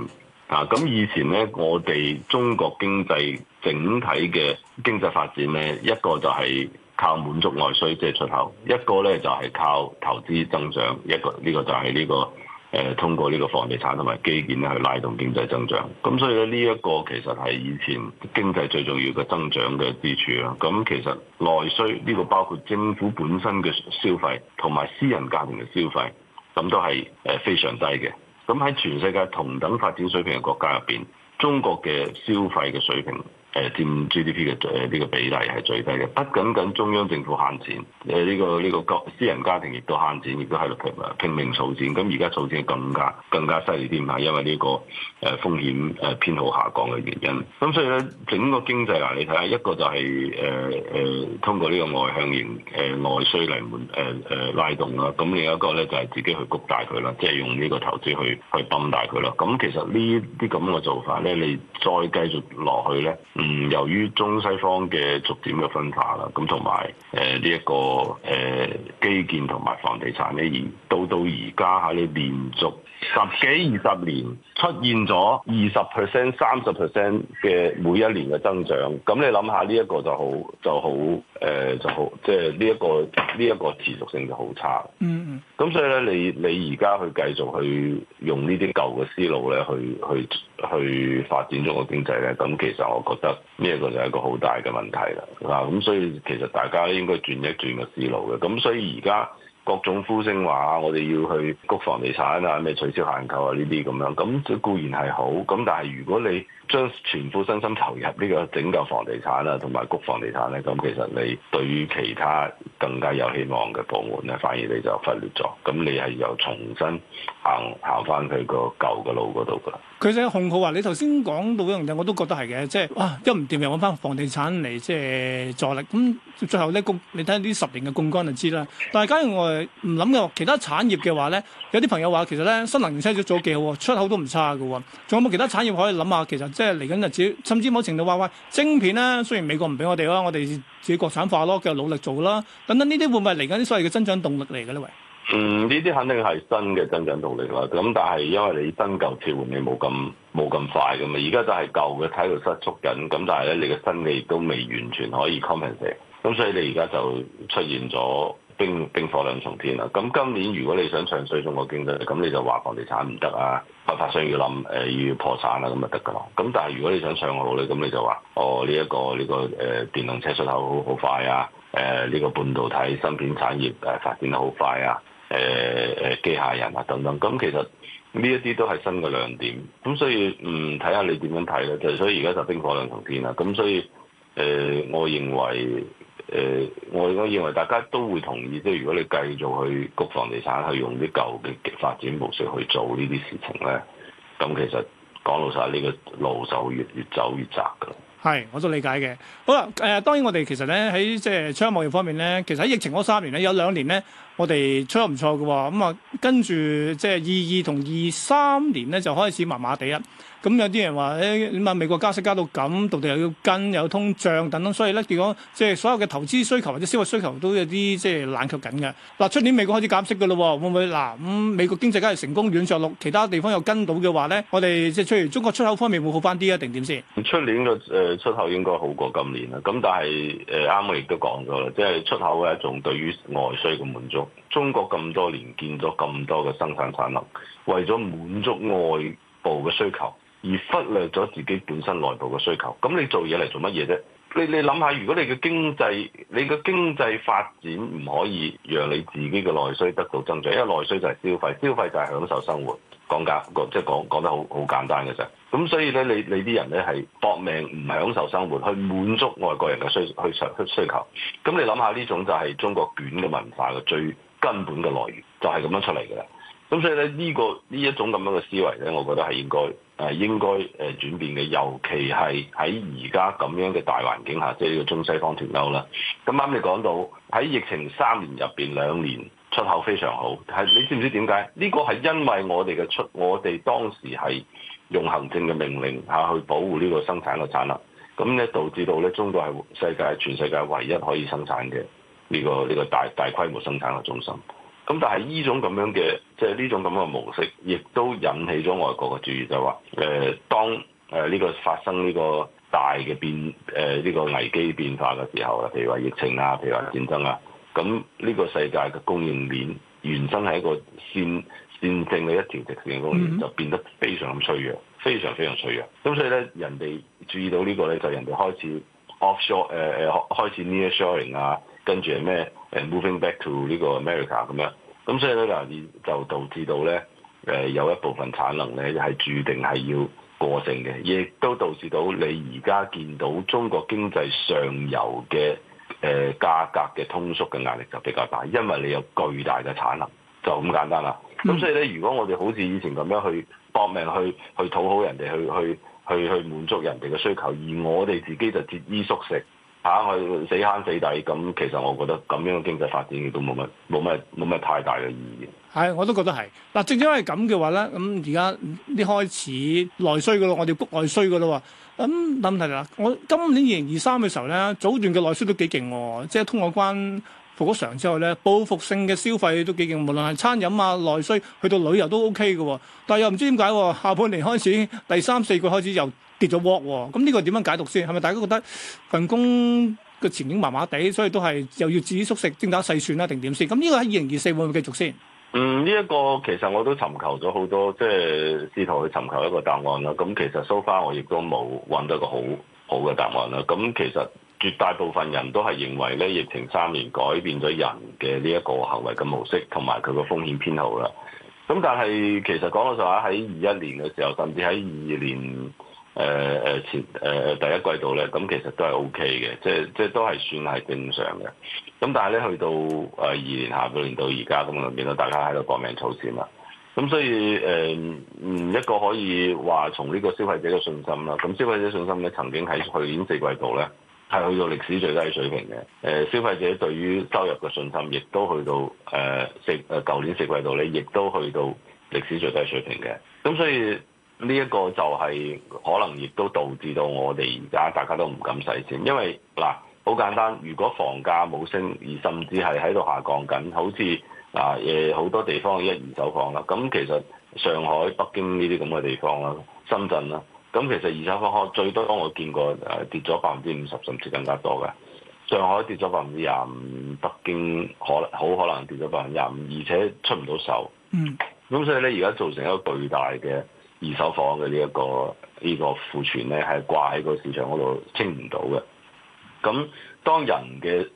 啊！咁以前咧，我哋中國經濟整體嘅經濟發展咧，一個就係靠滿足外需，即係出口；一個咧就係靠投資增長；一個呢個就係呢個誒通過呢個房地產同埋基建咧去拉動經濟增長。咁所以咧呢一個其實係以前經濟最重要嘅增長嘅支柱啦。咁其實內需呢個包括政府本身嘅消費同埋私人家庭嘅消費，咁都係誒非常低嘅。咁喺全世界同等發展水平嘅國家入邊，中國嘅消費嘅水平，誒佔 GDP 嘅誒呢個比例係最低嘅，不僅僅中央政府慳錢，誒、這、呢個呢、這個家私人家庭亦都慳錢，亦都喺度拼命儲錢。咁而家儲錢更加更加犀利啲嘛，因為呢個誒風險誒偏好下降嘅原因。咁所以咧，整個經濟嗱，你睇下一個就係誒誒通過呢個外向型誒、呃、外需嚟換誒拉動啦。咁另一個咧就係、是、自己去谷大佢啦，即係用呢個投資去去泵大佢啦。咁其實呢啲咁嘅做法咧，你再繼續落去咧。嗯嗯，由於中西方嘅逐漸嘅分化啦，咁同埋誒呢一個誒、呃、基建同埋房地產咧，而到到而家喺度連續十幾二十年出現咗二十 percent、三十 percent 嘅每一年嘅增長，咁你諗下呢一個就好就好誒就好，即係呢一個呢一個呢一個持續性就好差。嗯咁所以咧，你你而家去繼續去用呢啲舊嘅思路咧，去去。去發展中國經濟咧，咁其實我覺得呢一個就係一個好大嘅問題啦。嗱，咁所以其實大家應該轉一轉個思路嘅。咁所以而家各種呼聲話我哋要去谷房地產啊，咩取消限購啊呢啲咁樣，咁固然係好。咁但係如果你將全副身心投入呢個拯救房地產啦、啊，同埋谷房地產咧、啊，咁、嗯、其實你對於其他更加有希望嘅部門咧，反而你就忽略咗。咁、嗯、你係又重新行行翻去個舊嘅路嗰度㗎。其實洪灝話：你頭先講到樣嘢，我都覺得係嘅，即係哇一唔掂又揾翻房地產嚟即係助力。咁、嗯、最後咧供你睇下呢十年嘅槓桿就知啦。但係假如我唔諗嘅其他產業嘅話咧，有啲朋友話其實咧新能源車做咗幾好，出口都唔差嘅喎。仲有冇其他產業可以諗下？其實？即係嚟緊日子，甚至某程度話喂，晶片啦。雖然美國唔俾我哋啦，我哋自己國產化咯，繼續努力做啦。等等呢啲會唔會係嚟緊啲所謂嘅增長動力嚟嘅咧？嗯，呢啲肯定係新嘅增長動力啦。咁但係因為你新舊調換，你冇咁冇咁快嘅嘛。而家就係舊嘅睇到失速緊，咁但係咧你嘅新嘅亦都未完全可以 compensate，咁所以你而家就出現咗。冰冰火兩重天啦、啊！咁今年如果你想唱衰中國經濟，咁你就話房地產唔得啊，開發商要冧，誒、呃、要破產啦、啊，咁咪得噶啦！咁但係如果你想唱好咧，咁你就話，哦呢一、這個呢、這個誒、呃、電動車出口好快啊，誒、呃、呢、這個半導體芯片產業誒發展得好快啊，誒、呃、誒機械人啊等等，咁其實呢一啲都係新嘅亮點。咁所以唔睇下你點樣睇啦。就是、所以而家就冰火兩重天啦、啊。咁所以誒、呃，我認為。誒、呃，我我認為大家都會同意，即係如果你繼續去谷房地產，去用啲舊嘅發展模式去做呢啲事情咧，咁其實講老實，呢個路就越越走越窄噶啦。係，我都理解嘅。好啦，誒、呃，當然我哋其實咧喺即係出口貿易方面咧，其實喺疫情嗰三年咧，有兩年咧，我哋出得唔錯嘅喎，咁、嗯、啊，跟住即係二二同二三年咧，就開始麻麻地啦。咁、嗯、有啲人話誒，點、哎、啊美國加息加到咁，當地又要跟，又通脹等等，所以咧，如果即係所有嘅投資需求或者消費需求都有啲即係冷卻緊嘅。嗱、啊，出年美國開始減息嘅咯，會唔會嗱咁、啊嗯、美國經濟梗係成功軟着陸，其他地方又跟到嘅話咧，我哋即係出然中國出口方面會好翻啲啊，定點先？出年嘅誒、呃、出口應該好過今年啦。咁但係誒啱，我亦都講咗啦，即係出口係一種對於外需嘅滿足。中國咁多年建咗咁多嘅生產產能，為咗滿足外部嘅需求。而忽略咗自己本身內部嘅需求，咁你做嘢嚟做乜嘢啫？你你諗下，如果你嘅經濟，你嘅經濟發展唔可以讓你自己嘅內需得到增長，因為內需就係消費，消費就係享受生活，講價，講即係講講得好好簡單嘅啫。咁所以咧，你你啲人咧係搏命唔享受生活，去滿足外國人嘅需，去上需求。咁你諗下呢種就係中國捲嘅文化嘅最根本嘅來源，就係咁樣出嚟嘅啦。咁所以咧、這個，呢個呢一種咁樣嘅思維咧，我覺得係應該誒應該誒轉變嘅，尤其係喺而家咁樣嘅大環境下，即係呢個中西方脫鈎啦。咁啱你講到喺疫情三年入邊兩年出口非常好，係你知唔知點解？呢、這個係因為我哋嘅出，我哋當時係用行政嘅命令下去保護呢個生產嘅產能，咁咧導致到咧中國係世界全世界唯一可以生產嘅呢、這個呢、這個大大規模生產嘅中心。咁但係呢種咁樣嘅，即係呢種咁嘅模式，亦都引起咗外國嘅注意就，就話誒，當誒呢個發生呢個大嘅變誒呢、呃這個危機變化嘅時候啦，譬如話疫情啊，譬如話戰爭啊，咁呢個世界嘅供應鏈原生係一個線線性嘅一條直線供應鏈，就變得非常咁脆弱，非常非常脆弱。咁所以咧，人哋注意到個呢個咧，就是、人哋開始 offshore 誒、呃、誒，開始 nearshoring 啊。跟住係咩？誒 moving back to 呢個 America 咁樣，咁所以咧嗱，就導致到咧誒有一部分產能咧係注定係要過剩嘅，亦都導致到你而家見到中國經濟上游嘅誒價格嘅通縮嘅壓力就比較大，因為你有巨大嘅產能，就咁簡單啦。咁所以咧，如果我哋好似以前咁樣去搏命去去討好人哋，去去去去滿足人哋嘅需求，而我哋自己就節衣縮食。行去死慳死抵，咁其實我覺得咁樣嘅經濟發展亦都冇乜冇乜冇乜太大嘅意義。係，我都覺得係。嗱，正因為咁嘅話咧，咁而家啲開始內需嘅咯，我哋谷內需嘅咯喎。咁諗問題啦，我今年二零二三嘅時候咧，早段嘅內需都幾勁喎，即係通過關復常之後咧，報復性嘅消費都幾勁。無論係餐飲啊，內需去到旅遊都 OK 嘅喎。但係又唔知點解下半年開始第三四季開始又。跌咗鑊喎，咁、這、呢個點樣解讀先？係咪大家覺得份工嘅前景麻麻地，所以都係又要自己縮食精打細算啦，定點先？咁、這個、呢個喺二零二四會唔會繼續先？嗯，呢、這、一個其實我都尋求咗好多，即係試圖去尋求一個答案啦。咁、嗯、其實 so far 我亦都冇揾到一個好好嘅答案啦。咁、嗯、其實絕大部分人都係認為咧，疫情三年改變咗人嘅呢一個行為嘅模式，同埋佢個風險偏好啦。咁、嗯、但係其實講句實話，喺二一年嘅時候，甚至喺二二年。誒誒、呃、前誒誒、呃、第一季度咧，咁其實都係 O K 嘅，即係即係都係算係正常嘅。咁但係咧，去到誒、呃、二年下半年到而家咁啊，見到大家喺度搏命儲錢啦。咁所以誒，嗯、呃、一個可以話從呢個消費者嘅信心啦，咁消費者信心咧曾經喺去年四季度咧係去到歷史最低水平嘅。誒、呃、消費者對於收入嘅信心，亦都去到誒四誒舊年四季度咧，亦都去到歷史最低水平嘅。咁所以呢一個就係可能亦都導致到我哋而家大家都唔敢使錢，因為嗱好簡單，如果房價冇升，而甚至係喺度下降緊，好似嗱誒好多地方一二手房啦，咁其實上海、北京呢啲咁嘅地方啦，深圳啦，咁其實二手房可最多我見過誒跌咗百分之五十，甚至更加多嘅。上海跌咗百分之廿五，北京可能好可能跌咗百分之廿五，而且出唔到手。嗯。咁所以咧，而家造成一個巨大嘅。二手房嘅呢一個呢個庫存咧，係掛喺個市場嗰度清唔到嘅。咁當人嘅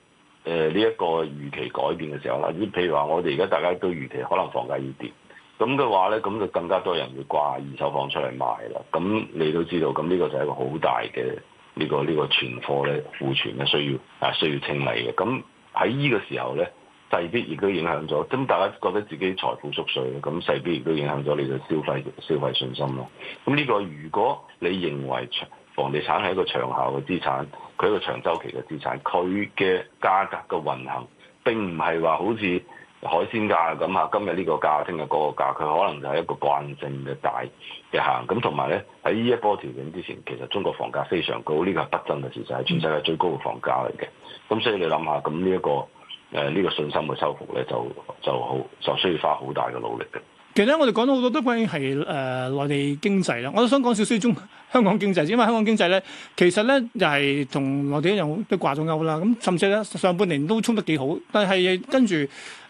誒呢一個預期改變嘅時候啦，譬如話我哋而家大家都預期可能房價要跌，咁嘅話咧，咁就更加多人會掛二手房出嚟賣啦。咁你都知道，咁呢個就係一個好大嘅呢個呢個存貨咧庫存嘅需要啊，需要清理嘅。咁喺呢個時候咧。勢必亦都影響咗，咁大家覺得自己財富縮水，咁勢必亦都影響咗你嘅消費消費信心咯。咁呢個如果你認為長房地產係一個長效嘅資產，佢一個長周期嘅資產，佢嘅價格嘅運行並唔係話好似海鮮價咁嚇，今日呢個價，聽日嗰個價，佢可能就係一個慣性嘅大嘅行。咁同埋咧喺呢一波調整之前，其實中國房價非常高，呢個係不爭嘅事實係全世界最高嘅房價嚟嘅。咁所以你諗下，咁呢一個。誒呢、呃這個信心嘅修復咧，就就好就需要花好大嘅努力嘅。其實咧，我哋講咗好多都關於係誒內地經濟啦，我都想講少少中香港經濟，因為香港經濟咧，其實咧又係同內地一樣都掛咗鈎啦。咁甚至咧上半年都衝得幾好，但係跟住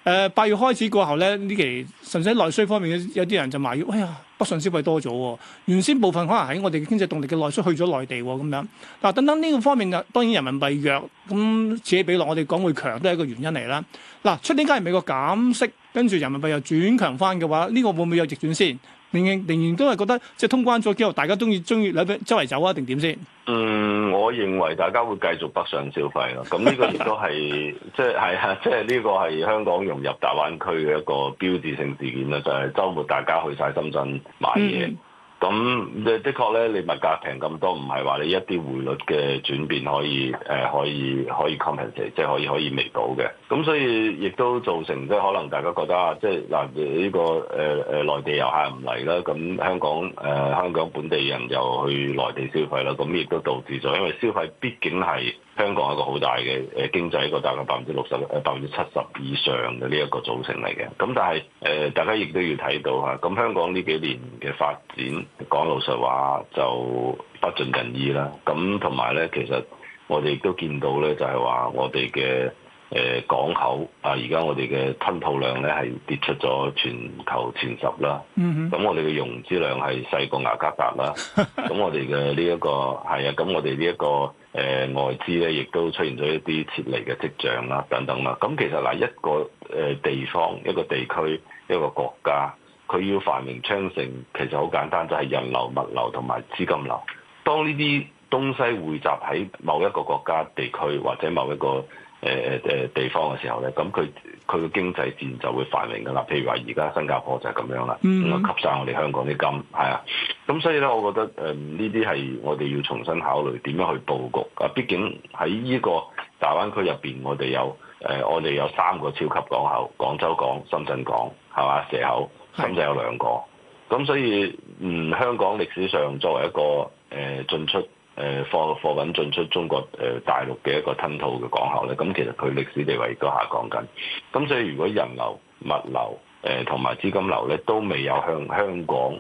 誒八月開始過後咧，呢期甚至喺內需方面有啲人就埋怨，哎呀！北上消費多咗喎，哦，原先部分可能喺我哋經濟動力嘅內需去咗內地喎，哦，咁樣嗱，啊、等等呢個方面啊，當然人民幣弱，咁此起彼落我哋講會強都係一個原因嚟啦。嗱，啊，出年梗係美國減息，跟住人民幣又轉強翻嘅話，呢、這個會唔會有逆轉先？仍然仍然都係覺得即係通關咗之後，大家中意中意喺周圍走啊，定點先？嗯，我認為大家會繼續北上消費啦。咁呢個亦都係即係係即係呢個係香港融入大灣區嘅一個標誌性事件啦。就係、是、周末大家去晒深圳買嘢。咁即、嗯、的確咧，你物價平咁多，唔係話你一啲匯率嘅轉變可以誒、呃、可以可以 compensate 即係可以可以彌補嘅。咁所以亦都造成即係可能大家覺得即係嗱，呢個誒誒內地遊客唔嚟啦，咁香港誒香港本地人又去內地消費啦，咁亦都導致咗，因為消費畢竟係香港一個好大嘅誒經濟一個大概百分之六十誒百分之七十以上嘅呢一個組成嚟嘅。咁但係誒大家亦都要睇到吓，咁香港呢幾年嘅發展講老實話就不盡人意啦。咁同埋咧，其實我哋亦都見到咧，就係話我哋嘅。呃、港口啊！而家我哋嘅吞吐量咧係跌出咗全球前十啦。咁、mm hmm. 我哋嘅融資量係細過雅加達啦。咁 <laughs> 我哋嘅呢一個，係啊，咁我哋、呢個呃、呢一個誒外資咧，亦都出現咗一啲撤離嘅跡象啦，等等啦。咁、嗯、其實嗱、呃，一個誒地方、一個地區，一個國家，佢要繁榮昌盛，其實好簡單，就係、是、人流、物流同埋資金流。當呢啲東西匯集喺某一個國家、地區或者某一個。誒誒誒地方嘅時候咧，咁佢佢個經濟自然就會繁榮嘅啦。譬如話而家新加坡就係咁樣啦，咁、mm hmm. 吸晒我哋香港啲金，係啊。咁所以咧，我覺得誒呢啲係我哋要重新考慮點樣去佈局。啊，畢竟喺呢個大灣區入邊，我哋有誒、呃，我哋有三個超級港口：廣州港、深圳港，係嘛？蛇口深圳有兩個。咁的所以嗯，香港歷史上作為一個誒、呃、進出。誒貨貨品進出中國誒大陸嘅一個吞吐嘅港口咧，咁其實佢歷史地位亦都下降緊。咁所以如果人流、物流、誒同埋資金流咧都未有向香港誒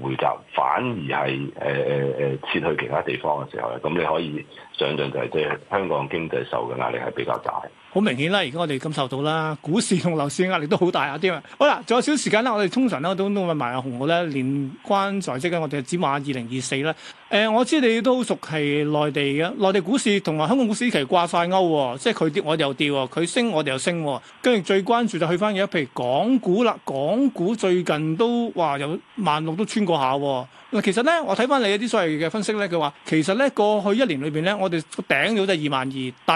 匯集，反而係誒誒誒撤去其他地方嘅時候咧，咁你可以想像就係即係香港經濟受嘅壓力係比較大。好明顯啦，而家我哋感受到啦，股市同樓市壓力都好大啊啲啊，好啦，仲有少少時間啦，我哋通常咧都都問埋阿洪灝咧，連關在即嘅我哋展望二零二四啦。誒、呃，我知你都熟悉內地嘅，內地股市同埋香港股市其實掛曬鈎喎，即係佢跌我又跌喎、哦，佢升我哋又、哦、升喎，跟住、哦、最關注就去翻嘢，譬如港股啦，港股最近都話有萬六都穿過下喎、哦。嗱，其實咧，我睇翻你一啲所謂嘅分析咧，佢話其實咧過去一年裏邊咧，我哋頂到就係二萬二，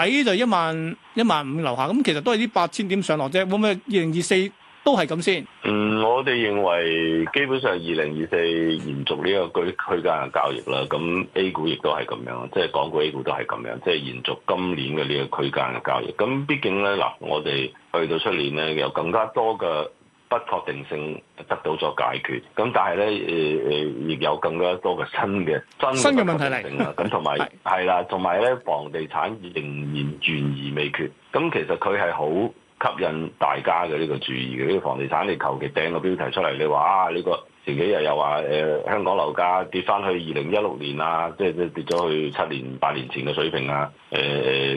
底就一萬一萬五樓下，咁其實都係啲八千點上落啫。會唔會二零二四都係咁先？嗯，我哋認為基本上二零二四延續呢個區區間嘅交易啦。咁 A 股亦都係咁樣，即係港股 A 股都係咁樣，即係延續今年嘅呢個區間嘅交易。咁畢竟咧，嗱，我哋去到出年咧，有更加多嘅。不確定性得到咗解決，咁但係咧，誒誒，亦有更加多嘅新嘅新嘅問題嚟，咁同埋係啦，同埋咧，房地產仍然懸而未決，咁其實佢係好吸引大家嘅呢、這個注意嘅。呢、這個房地產你求其掟個標題出嚟，你話啊呢、這個。前幾日又話誒、呃、香港樓價跌翻去二零一六年啊，即係即係跌咗去七年八年前嘅水平啊，誒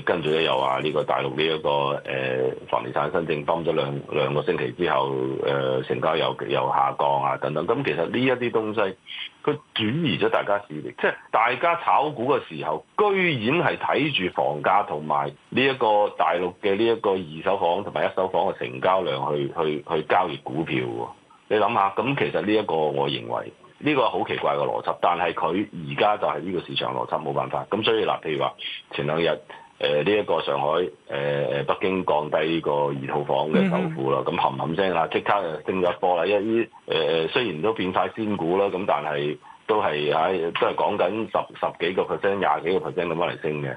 誒跟住咧又話呢個大陸呢、這、一個誒、呃、房地產新政放咗兩兩個星期之後，誒、呃、成交又又下降啊等等，咁、嗯、其實呢一啲東西佢轉移咗大家視力，即係大家炒股嘅時候，居然係睇住房價同埋呢一個大陸嘅呢一個二手房同埋一手房嘅成交量去去去交易股票喎。你諗下，咁其實呢一個我認為呢、呢個好奇怪嘅邏輯，但係佢而家就係呢個市場邏輯，冇辦法。咁所以嗱，譬如話前兩日誒呢一個上海誒誒、呃、北京降低呢個二套房嘅首付啦，咁冚冚聲啦，hmm. 嗯嗯嗯、即刻升咗一波啦。一啲誒誒雖然都變曬仙股啦，咁但係都係唉、哎、都係講緊十十幾個 percent、廿幾個 percent 咁樣嚟升嘅。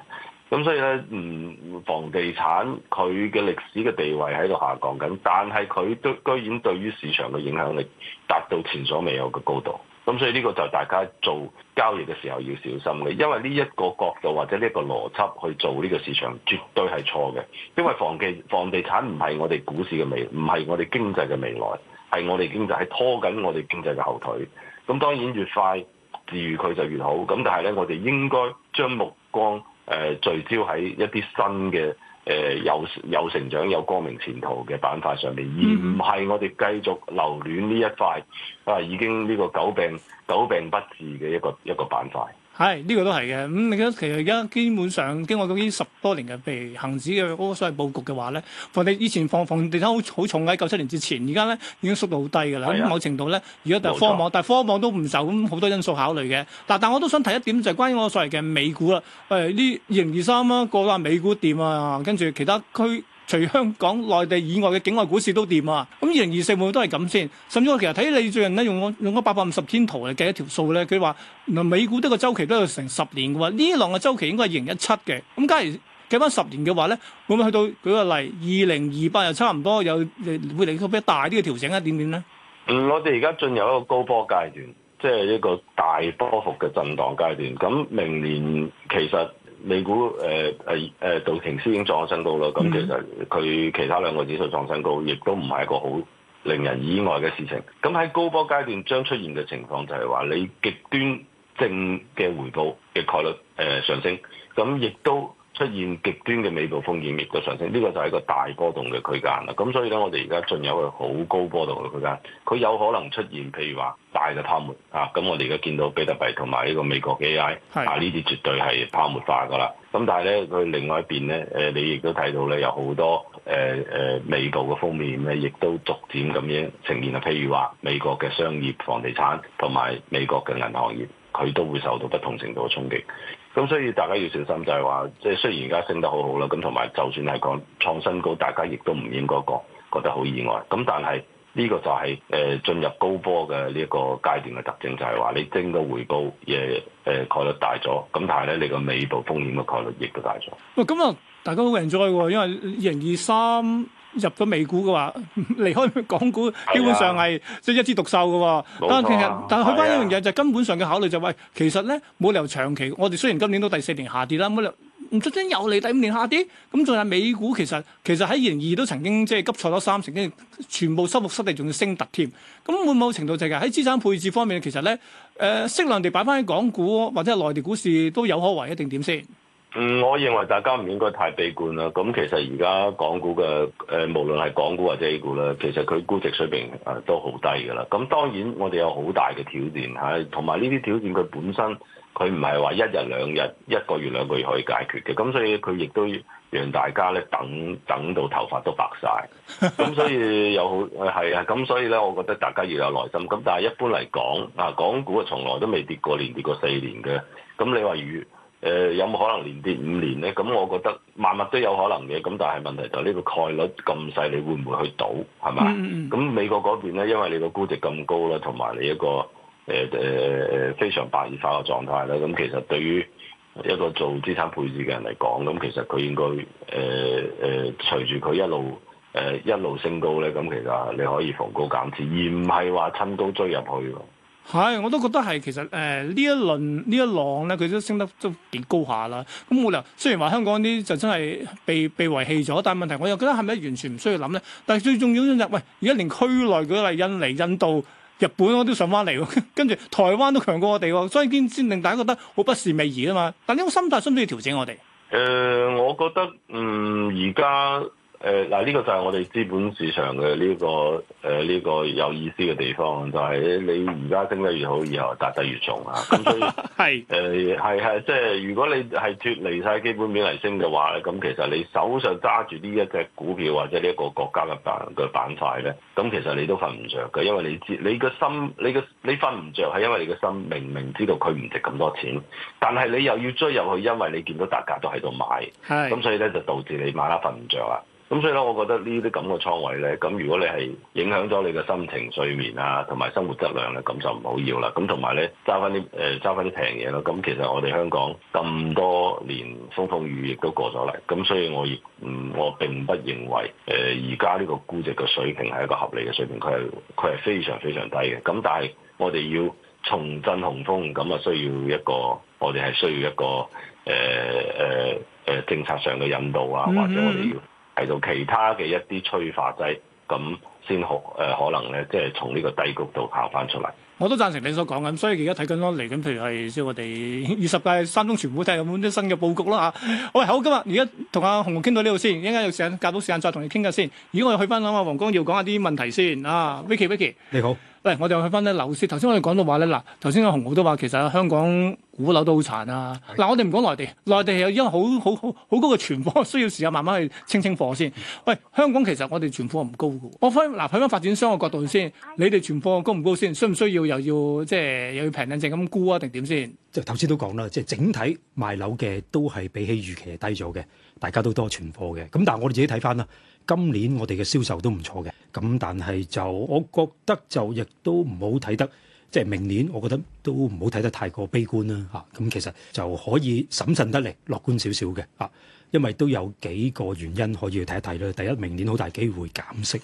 咁所以咧，嗯，房地產佢嘅歷史嘅地位喺度下降緊，但係佢都居然對於市場嘅影響力達到前所未有嘅高度。咁所以呢個就大家做交易嘅時候要小心嘅，因為呢一個角度或者呢一個邏輯去做呢個市場絕對係錯嘅，因為房地房地產唔係我哋股市嘅未，唔係我哋經濟嘅未來，係我哋經濟係拖緊我哋經濟嘅後腿。咁當然越快治癒佢就越好，咁但係咧，我哋應該將目光。誒、呃、聚焦喺一啲新嘅誒有有成長、有光明前途嘅板塊上面，而唔係我哋繼續留戀呢一塊啊已經呢個久病久病不治嘅一個一個板塊。係，呢、哎這個都係嘅。你覺得其實而家基本上經過嗰啲十多年的譬如恆指嘅嗰個所謂佈局嘅話呢，房地，以前房房地產好好重喺九七年之前，而家呢已經縮到好低㗎啦。啊、某程度呢，而家就是科網，錯但係科網都唔受咁好多因素考慮嘅。但我都想提一點就係關於我所謂嘅美股啦。誒、哎，呢二零二三啦，個話美股點啊？跟住其他區。除香港、內地以外嘅境外股市都掂啊！咁二零二四會唔會都係咁先？甚至我其實睇你最近咧，用用嗰八百五十天圖嚟計一條數咧，佢話嗱美股得個周期都有成十年嘅話，呢兩個周期應該係二零一七嘅。咁假如計翻十年嘅話咧，會唔會去到舉個例二零二八又差唔多有會嚟比較大啲嘅調整一點點咧？點點呢嗯，我哋而家進入一個高波階段，即係一個大波幅嘅震盪階段。咁明年其實。美股誒誒誒道瓊斯已經創新高喇，咁其實佢其他兩個指數創新高，亦都唔係一個好令人意外嘅事情。咁喺高波階段將出現嘅情況就係話，你極端正嘅回報嘅概率誒、呃、上升，咁亦都。出現極端嘅尾部風險亦都上升，呢、這個就係一個大波動嘅區間啦。咁所以咧，我哋而家進入去好高波動嘅區間，佢有可能出現譬如話大嘅泡沫啊。咁我哋而家見到比特幣同埋呢個美國嘅 AI，啊呢啲絕對係泡沫化噶啦。咁但係咧，佢另外一邊咧，誒你亦都睇到咧，有好多誒誒、呃、尾部嘅方面咧，亦都逐漸咁樣呈現啊。譬如話美國嘅商業房地產同埋美國嘅銀行業，佢都會受到不同程度嘅衝擊。咁所以大家要小心，就係話，即係雖然而家升得好好啦，咁同埋就算係講創新高，大家亦都唔應該覺覺得好意外。咁但係呢個就係、是、誒、呃、進入高波嘅呢一個階段嘅特徵，就係、是、話你升到回報，嘅、呃、誒概率大咗，咁但係咧你個尾部風險嘅概率亦都大咗。喂，咁啊，大家好 enjoy 喎，因為二零二三。入咗美股嘅話，離開港股基本上係即一枝獨秀嘅。的但係其實，啊、但係去翻一樣嘢就根本上嘅考慮就係、是，其實咧冇理由長期。我哋雖然今年都第四年下跌啦，冇理由唔出聲又嚟第五年下跌。咁、嗯、仲有美股其，其實其實喺二零二二都曾經即係急挫咗三成，跟住全部收復失地，仲要升突添。咁會唔會有程度就係、是、喺資產配置方面，其實咧誒、呃、適量地擺翻喺港股或者係內地股市都有可為，一定點先？嗯，我認為大家唔應該太悲觀啦。咁其實而家港股嘅誒，無論係港股或者 A 股咧，其實佢估值水平啊都好低㗎啦。咁當然我哋有好大嘅挑戰係，同埋呢啲挑戰佢本身佢唔係話一日兩日一個月兩個月可以解決嘅。咁所以佢亦都讓大家咧等等到頭髮都白晒。咁所以有好係啊。咁所以咧，我覺得大家要有耐心。咁但係一般嚟講啊，港股啊從來都未跌過，連跌過四年嘅。咁你話與？誒、呃、有冇可能連跌五年咧？咁我覺得萬物都有可能嘅。咁但係問題就呢個概率咁細，你會唔會去賭係嘛？咁、mm. 嗯嗯、美國嗰邊咧，因為你個估值咁高啦，同埋你一個誒誒誒非常白熱化嘅狀態啦。咁其實對於一個做資產配置嘅人嚟講，咁其實佢應該誒誒、呃呃、隨住佢一路誒、呃、一路升高咧，咁其實你可以逢高減持，而唔係話趁高追入去。係、哎，我都覺得係。其實誒呢、呃、一輪呢一浪咧，佢都升得都幾高下啦。咁冇理由，雖然話香港啲就真係被被遺棄咗，但係問題我又覺得係咪完全唔需要諗咧？但係最重要先就，喂，而家連區內嗰啲印尼、印度、日本嗰啲上返嚟，跟 <laughs> 住台灣都強過我哋，所以先令大家覺得好不是味兒啊嘛。但係呢種心態需唔需要調整我哋？誒、呃，我覺得嗯而家。誒嗱，呢、呃這個就係我哋資本市場嘅呢、這個誒呢、呃這個有意思嘅地方，就係、是、你而家升得越好，以後跌得越重啊！咁所以係誒係係，即係如果你係脫離晒基本面嚟升嘅話咧，咁其實你手上揸住呢一隻股票或者呢一個國家嘅板嘅板塊咧，咁其實你都瞓唔着嘅，因為你知你個心你個你瞓唔着係因為你個心明明知道佢唔值咁多錢，但係你又要追入去，因為你見到大家都喺度買，咁是所以咧就導致你晚黑瞓唔着啦。咁所以咧，我覺得呢啲咁嘅倉位咧，咁如果你係影響咗你嘅心情、睡眠啊，同埋生活質量咧，咁就唔好要啦。咁同埋咧，揸翻啲誒揸翻啲平嘢咯。咁、呃、其實我哋香港咁多年風風雨雨都過咗嚟，咁所以我亦唔我並不認為誒而家呢個估值嘅水平係一個合理嘅水平，佢係佢係非常非常低嘅。咁但係我哋要重振雄風，咁啊需要一個我哋係需要一個誒誒誒政策上嘅引導啊，或者我哋要。提到其他嘅一啲催化劑，咁先可誒可能咧，即係從呢個低谷度跑翻出嚟。我都贊成你所講嘅，所以而家睇緊囉，嚟緊，譬如係即係我哋二十屆三中全會睇有冇啲新嘅佈局啦嚇。喂，好，今日而家同阿洪洪傾到呢度先，依家有時間夾到時間再同你傾下先。如果我哋去翻諗下黃光耀講下啲問題先啊，Vicky Vicky，你好。喂，我哋去翻呢樓市。頭先我哋講到話咧，嗱，頭先阿洪灝都話其實香港股樓都好殘啊。嗱是的，我哋唔講內地，內地係因為好好好好高嘅存貨，需要時間慢慢去清清貨先。喂，香港其實我哋存貨唔高嘅。我翻嗱去翻發展商嘅角度先，你哋存貨高唔高先？需唔需要又要即係又要平靚正咁估啊？定點先？即係頭先都講啦，即係整體賣樓嘅都係比起預期低咗嘅，大家都多存貨嘅。咁但係我哋自己睇翻啦。今年我哋嘅銷售都唔錯嘅，咁但係就我覺得就亦都唔好睇得，即係明年我覺得都唔好睇得太過悲觀啦嚇。咁、啊嗯、其實就可以審慎得嚟，樂觀少少嘅嚇，因為都有幾個原因可以去睇一睇啦。第一，明年好大機會減息。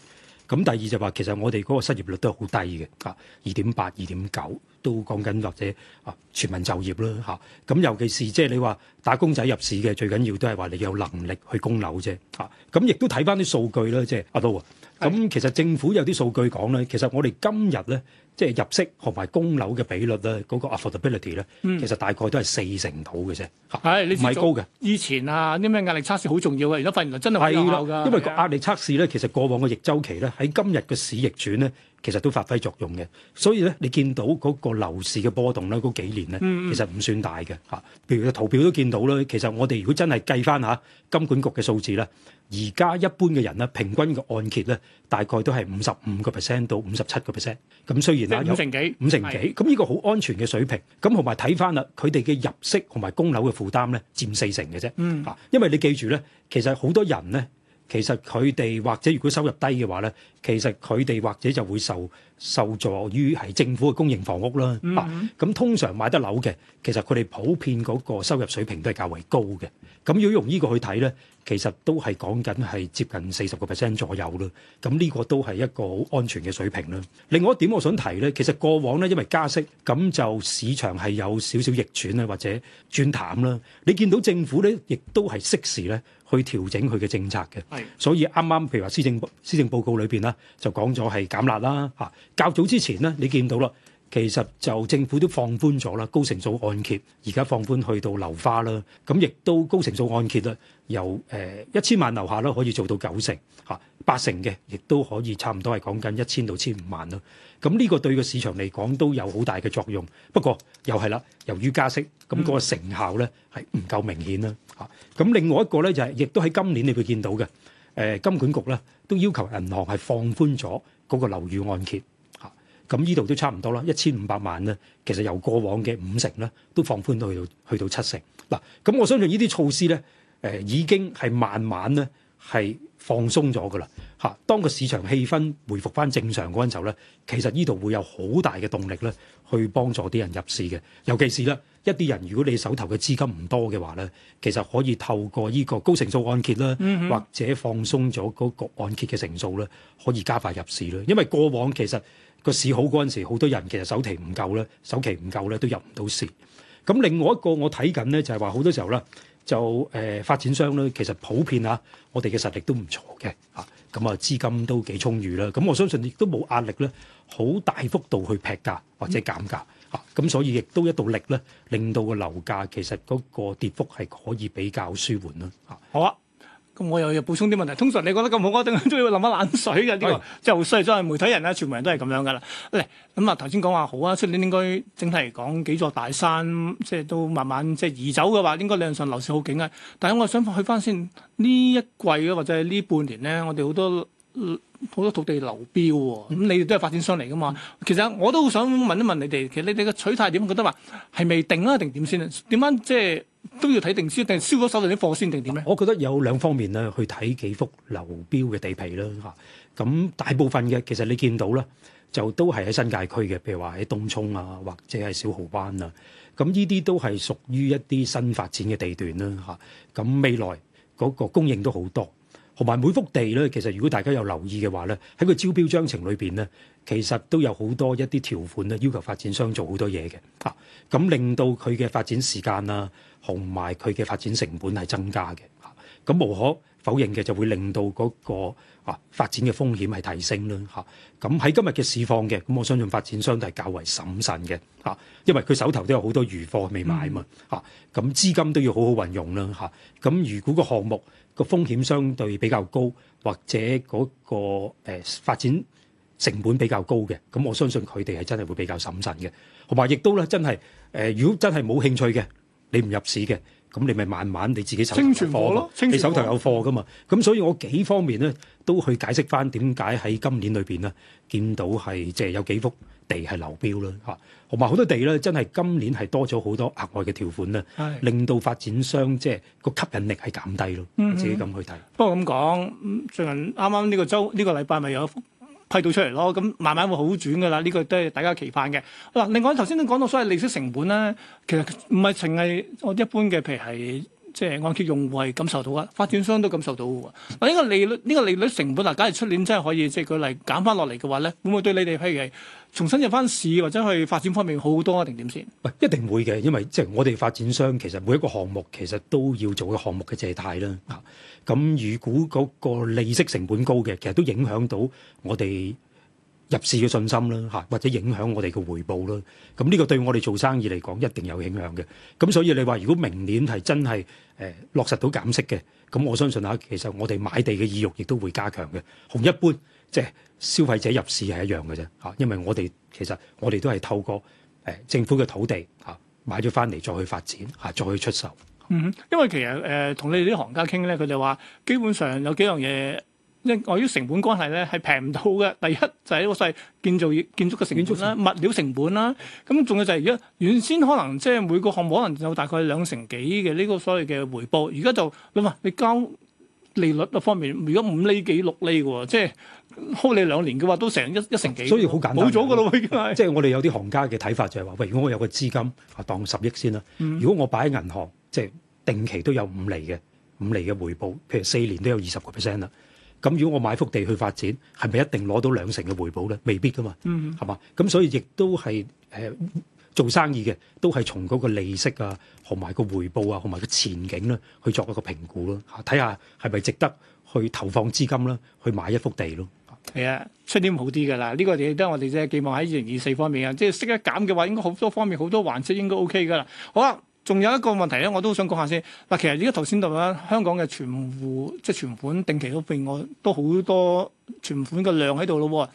咁第二就話，其實我哋嗰個失業率都係好低嘅，嚇二點八、二點九都講緊或者啊全民就業啦，嚇、啊、咁尤其是即係你話打工仔入市嘅最緊要都係話你有能力去供樓啫，嚇咁亦都睇翻啲數據啦，即係阿刀，咁、啊啊啊啊、是其實政府有啲數據講咧，其實我哋今日咧。即係入息同埋供樓嘅比率咧，嗰、那個 affordability 咧、嗯，其實大概都係四成到嘅啫，哎、你唔係高嘅。以前啊，啲咩壓力測試好重要啊，而家發現原來真係有效㗎。因為壓力測試咧，的其實過往嘅逆周期咧，喺今日嘅市逆轉咧。其實都發揮作用嘅，所以咧，你見到嗰個樓市嘅波動咧，嗰幾年咧，其實唔算大嘅嚇。嗯嗯，譬如個圖表都見到啦，其實我哋如果真係計翻嚇金管局嘅數字咧，而家一般嘅人咧，平均個按揭咧，大概都係五十五個 percent 到五十七個 percent。咁雖然咧，有的五成幾，五成幾，咁呢個好安全嘅水平。咁同埋睇翻啦，佢哋嘅入息同埋供樓嘅負擔咧，佔四成嘅啫。嚇、嗯，因為你記住咧，其實好多人咧，其實佢哋或者如果收入低嘅話咧。其實佢哋或者就會受受助於係政府嘅公營房屋啦，咁通常買得樓嘅，其實佢哋普遍嗰個收入水平都係較為高嘅。咁要用呢個去睇咧，其實都係講緊係接近四十個 percent 左右啦。咁呢個都係一個好安全嘅水平啦。另外一點我想提咧，其實過往咧，因為加息，咁就市場係有少少逆轉呀或者轉淡啦。你見到政府咧，亦都係適時咧去調整佢嘅政策嘅。所以啱啱譬如話施政施政報告裏邊啦。就講咗係減辣啦嚇，較早之前呢，你見到啦，其實就政府都放寬咗啦，高成數按揭而家放寬去到樓花啦，咁亦都高成數按揭咧，由誒一千萬樓下咯，可以做到九成嚇，八成嘅亦都可以差唔多係講緊一千到千五萬啦。咁呢個對個市場嚟講都有好大嘅作用，不過又係啦，由於加息，咁個成效咧係唔夠明顯啦嚇。咁另外一個咧就係、是，亦都喺今年你會見到嘅。誒金管局咧都要求銀行係放寬咗嗰個樓宇按揭嚇，咁呢度都差唔多啦，一千五百萬咧，其實由過往嘅五成咧，都放寬到去到去到七成。嗱，咁我相信呢啲措施咧，誒已經係慢慢咧係。放鬆咗噶啦，嚇！當個市場氣氛回復翻正常嗰陣時候咧，其實呢度會有好大嘅動力咧，去幫助啲人入市嘅。尤其是咧，一啲人如果你手頭嘅資金唔多嘅話咧，其實可以透過呢個高成數按揭啦，或者放鬆咗嗰個按揭嘅成數咧，可以加快入市咧。因為過往其實個市好嗰陣時，好多人其實首期唔夠咧，首期唔夠咧都入唔到市。咁另外一個我睇緊咧，就係話好多時候啦。就誒、呃、發展商咧，其實普遍嚇、啊，我哋嘅實力都唔錯嘅嚇，咁啊資金都幾充裕啦，咁、啊、我相信亦都冇壓力咧，好大幅度去劈價或者減價嚇，咁、啊、所以亦都一度力咧，令到個樓價其實嗰個跌幅係可以比較舒緩啦嚇。啊好啊。咁我又要補充啲問題。通常你覺得咁好，我都中意淋下冷水嘅。呢、這個真係好衰，真係、哎、媒體人啊，全部人都係咁樣噶啦。嚟咁啊，頭先講話好啊，出年應該整體嚟講幾座大山，即係都慢慢即係移走嘅話，應該理論上樓市好勁啊。但係我想去翻先，呢一季呀或者呢半年咧，我哋好多好多土地流標喎。咁、嗯、你哋都係發展商嚟㗎嘛？其實我都好想問一問你哋，其實你哋嘅取態點覺得話係未定啊，定點先咧？點樣即係？都要睇定銷，定銷咗手頭啲貨先，定點咧？我覺得有兩方面咧，去睇幾幅流標嘅地皮啦嚇。咁、啊、大部分嘅其實你見到咧，就都係喺新界區嘅，譬如話喺東涌啊，或者係小蠔灣啊。咁呢啲都係屬於一啲新發展嘅地段啦嚇。咁、啊、未來嗰個供應都好多。同埋每幅地咧，其實如果大家有留意嘅話咧，喺個招標章程裏邊咧，其實都有好多一啲條款咧，要求發展商做好多嘢嘅，啊，咁令到佢嘅發展時間啊，同埋佢嘅發展成本係增加嘅，啊，咁無可否認嘅就會令到嗰個。啊，發展嘅風險係提升啦，嚇、啊！咁喺今日嘅市況嘅，咁、啊、我相信發展商都係較為審慎嘅，嚇、啊！因為佢手頭都有好多餘貨未買嘛，嚇、啊！咁、啊啊、資金都要好好運用啦，嚇、啊！咁、啊、如果個項目個風險相對比較高，或者嗰、那個誒、呃、發展成本比較高嘅，咁、啊、我相信佢哋係真係會比較審慎嘅，同埋亦都咧真係誒、呃，如果真係冇興趣嘅，你唔入市嘅。咁你咪慢慢你自己清存貨咯，你手頭有貨噶嘛？咁所以我幾方面咧都去解釋翻點解喺今年裏邊咧見到係即係有幾幅地係流標啦嚇，同埋好多地咧真係今年係多咗好多額外嘅條款咧，是令到發展商即係、就是、個吸引力係減低咯。嗯，嗯自己咁去睇。不過咁講，最近啱啱呢個周呢、呢個禮拜咪有一幅，到出嚟咯，咁慢慢會好，好轉噶啦，呢、這個都係大家期盼嘅。嗱，另外頭先都講到，所謂利息成本咧，其實唔係淨係我一般嘅，譬如係。即係按揭用戶係感受到啊，發展商都感受到嘅喎。嗱，呢個利率呢個利率成本啊，假如出年真係可以即係舉例減翻落嚟嘅話咧，會唔會對你哋譬如重新入翻市或者去發展方面好好多啊？定點先？唔一定會嘅，因為即係我哋發展商其實每一個項目其實都要做嘅項目嘅借貸啦。啊、嗯，咁如果嗰個利息成本高嘅，其實都影響到我哋。入市嘅信心啦，嚇或者影響我哋嘅回報啦。咁、這、呢個對我哋做生意嚟講一定有影響嘅。咁所以你話如果明年係真係誒落實到減息嘅，咁我相信嚇其實我哋買地嘅意欲亦都會加強嘅。同一般即係消費者入市係一樣嘅啫，嚇，因為我哋其實我哋都係透過誒政府嘅土地嚇買咗返嚟再去發展嚇再去出售。嗯，因為其實誒同、呃、你哋啲行家傾咧，佢哋話基本上有幾樣嘢。因為由於成本關係咧，係平唔到嘅。第一就係一個細建造建築嘅成本啦，前物料成本啦。咁仲有就係而家原先可能即係每個項目可能有大概兩成幾嘅呢個所謂嘅回報。而家就諗下你交利率嗰方面，如果五厘幾六厘嘅，即係 hold 你兩年嘅話都，都成一一成幾。所以好簡單，冇咗㗎咯，已經。即係我哋有啲行家嘅睇法就係話：喂，如果我有個資金，當十億先啦。嗯、如果我擺喺銀行，即係定期都有五厘嘅五厘嘅回報，譬如四年都有二十個 percent 啦。咁如果我買幅地去發展，係咪一定攞到兩成嘅回報咧？未必噶嘛，係嘛、嗯？咁所以亦都係誒做生意嘅，都係從嗰個利息啊，同埋個回報啊，同埋個前景咧、啊，去作一個評估咯、啊，嚇睇下係咪值得去投放資金啦、啊，去買一幅地咯。係啊，出點好啲噶啦，呢、這個亦都我哋啫，寄望喺二零二四方面啊，即係息一減嘅話，應該好多方面好多環節應該 OK 噶啦。好啊。仲有一個問題咧，我都想講下先。嗱，其實而家頭先度咧，香港嘅存戶即係存款定期都變，我都好多存款嘅量喺度咯。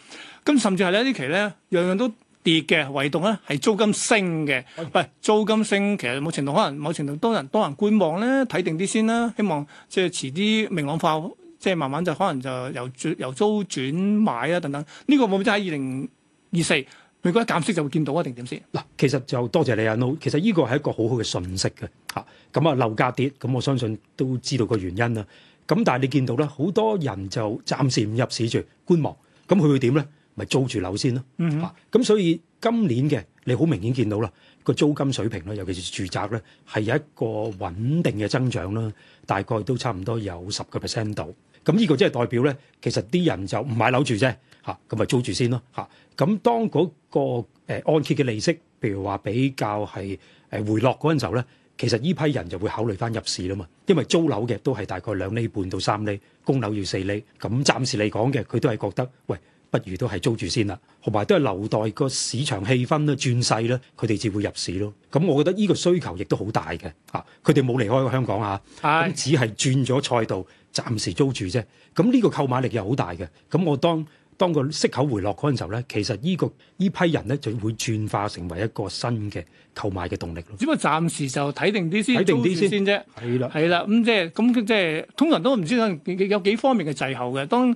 咁甚至係呢期呢期咧，樣樣都跌嘅，唯獨咧係租金升嘅。喂、哎，租金升，其實某程度可能某程度多人多人觀望咧，睇定啲先啦。希望即係遲啲明朗化，即、就、係、是、慢慢就可能就由轉由租轉買啊等等。呢、這個我覺得喺二零二四。你覺得減息就會見到啊？定點先？嗱，其實就多謝你啊 n、no, 其實呢個係一個好好嘅訊息嘅嚇。咁啊，樓價跌，咁我相信都知道個原因啦。咁但係你見到咧，好多人就暫時唔入市住，觀望。咁佢會點咧？咪租住樓先咯。嗯。咁、嗯嗯嗯、所以今年嘅你好明顯見到啦，個租金水平咧，尤其是住宅咧，係有一個穩定嘅增長啦。大概都差唔多有十個 percent 度。咁呢個真係代表咧，其實啲人就唔買樓住啫。嚇、嗯。咁咪租住先咯。嚇、嗯。咁當嗰個誒、呃、按揭嘅利息，譬如話比較係誒、呃、回落嗰陣時候咧，其實呢批人就會考慮翻入市啦嘛。因為租樓嘅都係大概兩厘半到三厘，供樓要四厘。咁、嗯、暫時嚟講嘅，佢都係覺得，喂，不如都係租住先啦。同埋都係留待個市場氣氛啊轉勢咧，佢哋至會入市咯。咁、嗯、我覺得呢個需求亦都好大嘅嚇。佢哋冇離開過香港啊，咁、嗯、只係轉咗賽道，暫時租住啫。咁、嗯、呢、呢個購買力又好大嘅。咁、嗯、我當。當個息口回落嗰陣時候咧，其實呢個呢批人咧就會轉化成為一個新嘅購買嘅動力咯。只不過暫時就睇定啲先，睇定啲先啫。係啦、嗯，係啦的。咁、嗯、即係咁即係，通常都唔知有幾方面嘅滯後嘅。當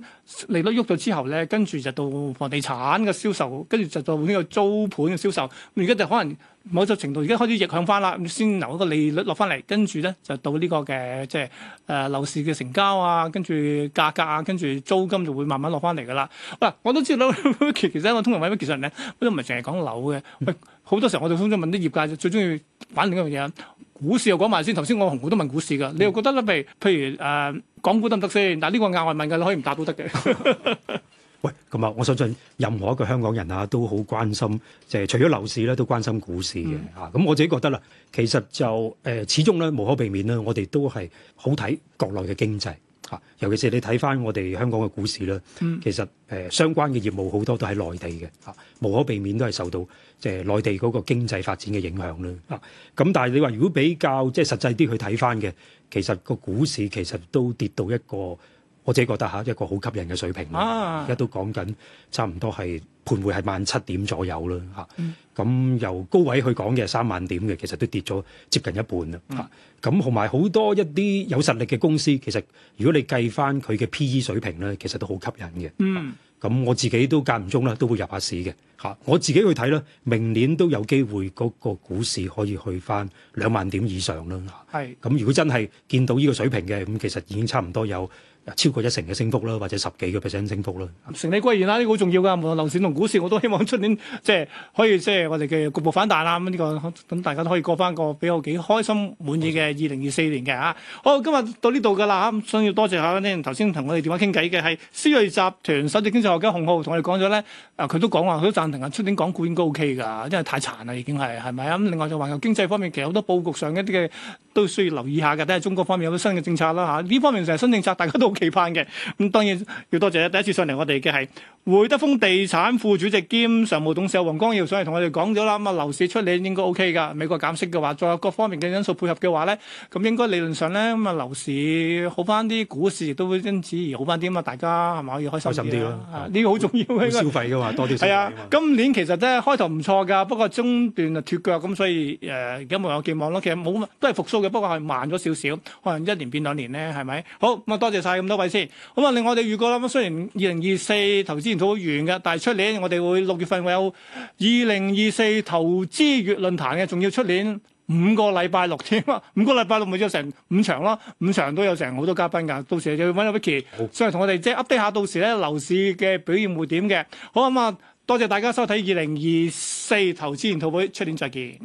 利率喐咗之後咧，跟住就到房地產嘅銷售，跟住就到呢個租盤嘅銷售。而家就可能。某一種程度，而家開始逆向翻啦。咁先留一個利率落翻嚟，跟住咧就到呢個嘅即係誒樓市嘅成交啊，跟住價格啊，跟住租金就會慢慢落翻嚟噶啦。喂、哎，我都知啦。其實咧，我通常為乜嘢其實咧，都唔係淨係講樓嘅。喂、哎，好多時候我哋通常問啲業界就最中意反另一樣嘢，股市又講埋先。頭先我紅股都問股市㗎，你又覺得咧？譬如誒、呃，港股得唔得先？但係呢個額外問㗎，你可以唔答都得嘅。 <laughs> 喂，咁啊！我相信任何一個香港人啊，都好關心，即係除咗樓市咧，都關心股市嘅嚇。咁，嗯，啊，我自己覺得啦，其實就誒，呃，始終咧無可避免啦，我哋都係好睇國內嘅經濟嚇，啊。尤其是你睇翻我哋香港嘅股市啦，其實誒，呃，相關嘅業務好多都喺內地嘅嚇，啊，無可避免都係受到即係內地嗰個經濟發展嘅影響啦。咁，啊，但係你話，如果比較即係實際啲去睇翻嘅，其實個股市其實都跌到一個。我自己覺得嚇一個好吸引嘅水平，而家、啊、都講緊差唔多係盤會係萬七點左右啦嚇。咁、嗯啊、由高位去講嘅三萬點嘅，其實都跌咗接近一半啦嚇。咁同埋好多一啲有實力嘅公司，其實如果你計翻佢嘅 PE 水平咧，其實都好吸引嘅。嗯。咁、啊、我自己都間唔中咧都會入下市嘅嚇。啊、我自己去睇啦，明年都有機會嗰個股市可以去翻兩萬點以上啦。係、啊。咁是、啊、如果真係見到呢個水平嘅，咁其實已經差唔多有，超過一成嘅升幅啦，或者十幾個 percent 升幅啦。成理歸然啦，呢個好重要噶。無論樓市同股市，我都希望出年即係可以即係我哋嘅局部反彈啦。咁、嗯、呢、這個咁大家都可以過翻個比較幾開心滿意嘅二零二四年嘅嚇、啊。好，今日到呢度㗎啦。咁想要多謝下呢頭先同我哋電話傾偈嘅係思睿集團首席經濟學家洪灝，同我哋講咗咧。啊，佢都講話，佢都贊同啊。出年港股應該 OK 㗎，因為太殘啦已經係係咪啊？咁、嗯、另外就環球經濟方面，其實好多佈局上一啲嘅都需要留意下嘅。都係中國方面有啲新嘅政策啦嚇。呢、啊、方面成日新政策，大家都。期盼嘅，咁當然要多謝。第一次上嚟我哋嘅係會德豐地產副主席兼常務董事黃光耀上嚟同我哋講咗啦。咁啊，樓市出嚟應該 O K 㗎。美國減息嘅話，再有各方面嘅因素配合嘅話咧，咁應該理論上咧，咁啊樓市好翻啲，股市亦都會因此而好翻啲嘛。大家係咪可以開心啲？心啲咯、啊，呢、啊、的個好重要嘅。會 <laughs> 消費嘅嘛，多啲。係啊，今年其實咧開頭唔錯㗎，不過中段脫腳咁，所以誒而家冇有期望咯。其實冇都係復甦嘅，不過係慢咗少少，可能一年變兩年咧，係咪？好，咁啊，多謝晒。咁多位先咁啊！另外我，我哋預告啦，咁雖然二零二四投資研討會完嘅，但係出年我哋會六月份會有二零二四投資月論壇嘅，仲要出年五個禮拜六添啊！五個禮拜六咪要成五場咯，五場都有成好多嘉賓噶。到時就要揾阿 Vicky 上嚟同我哋即係 update 下到時咧樓市嘅表現會點嘅。好咁啊、嗯！多謝大家收睇二零二四投資研討會，出年再見。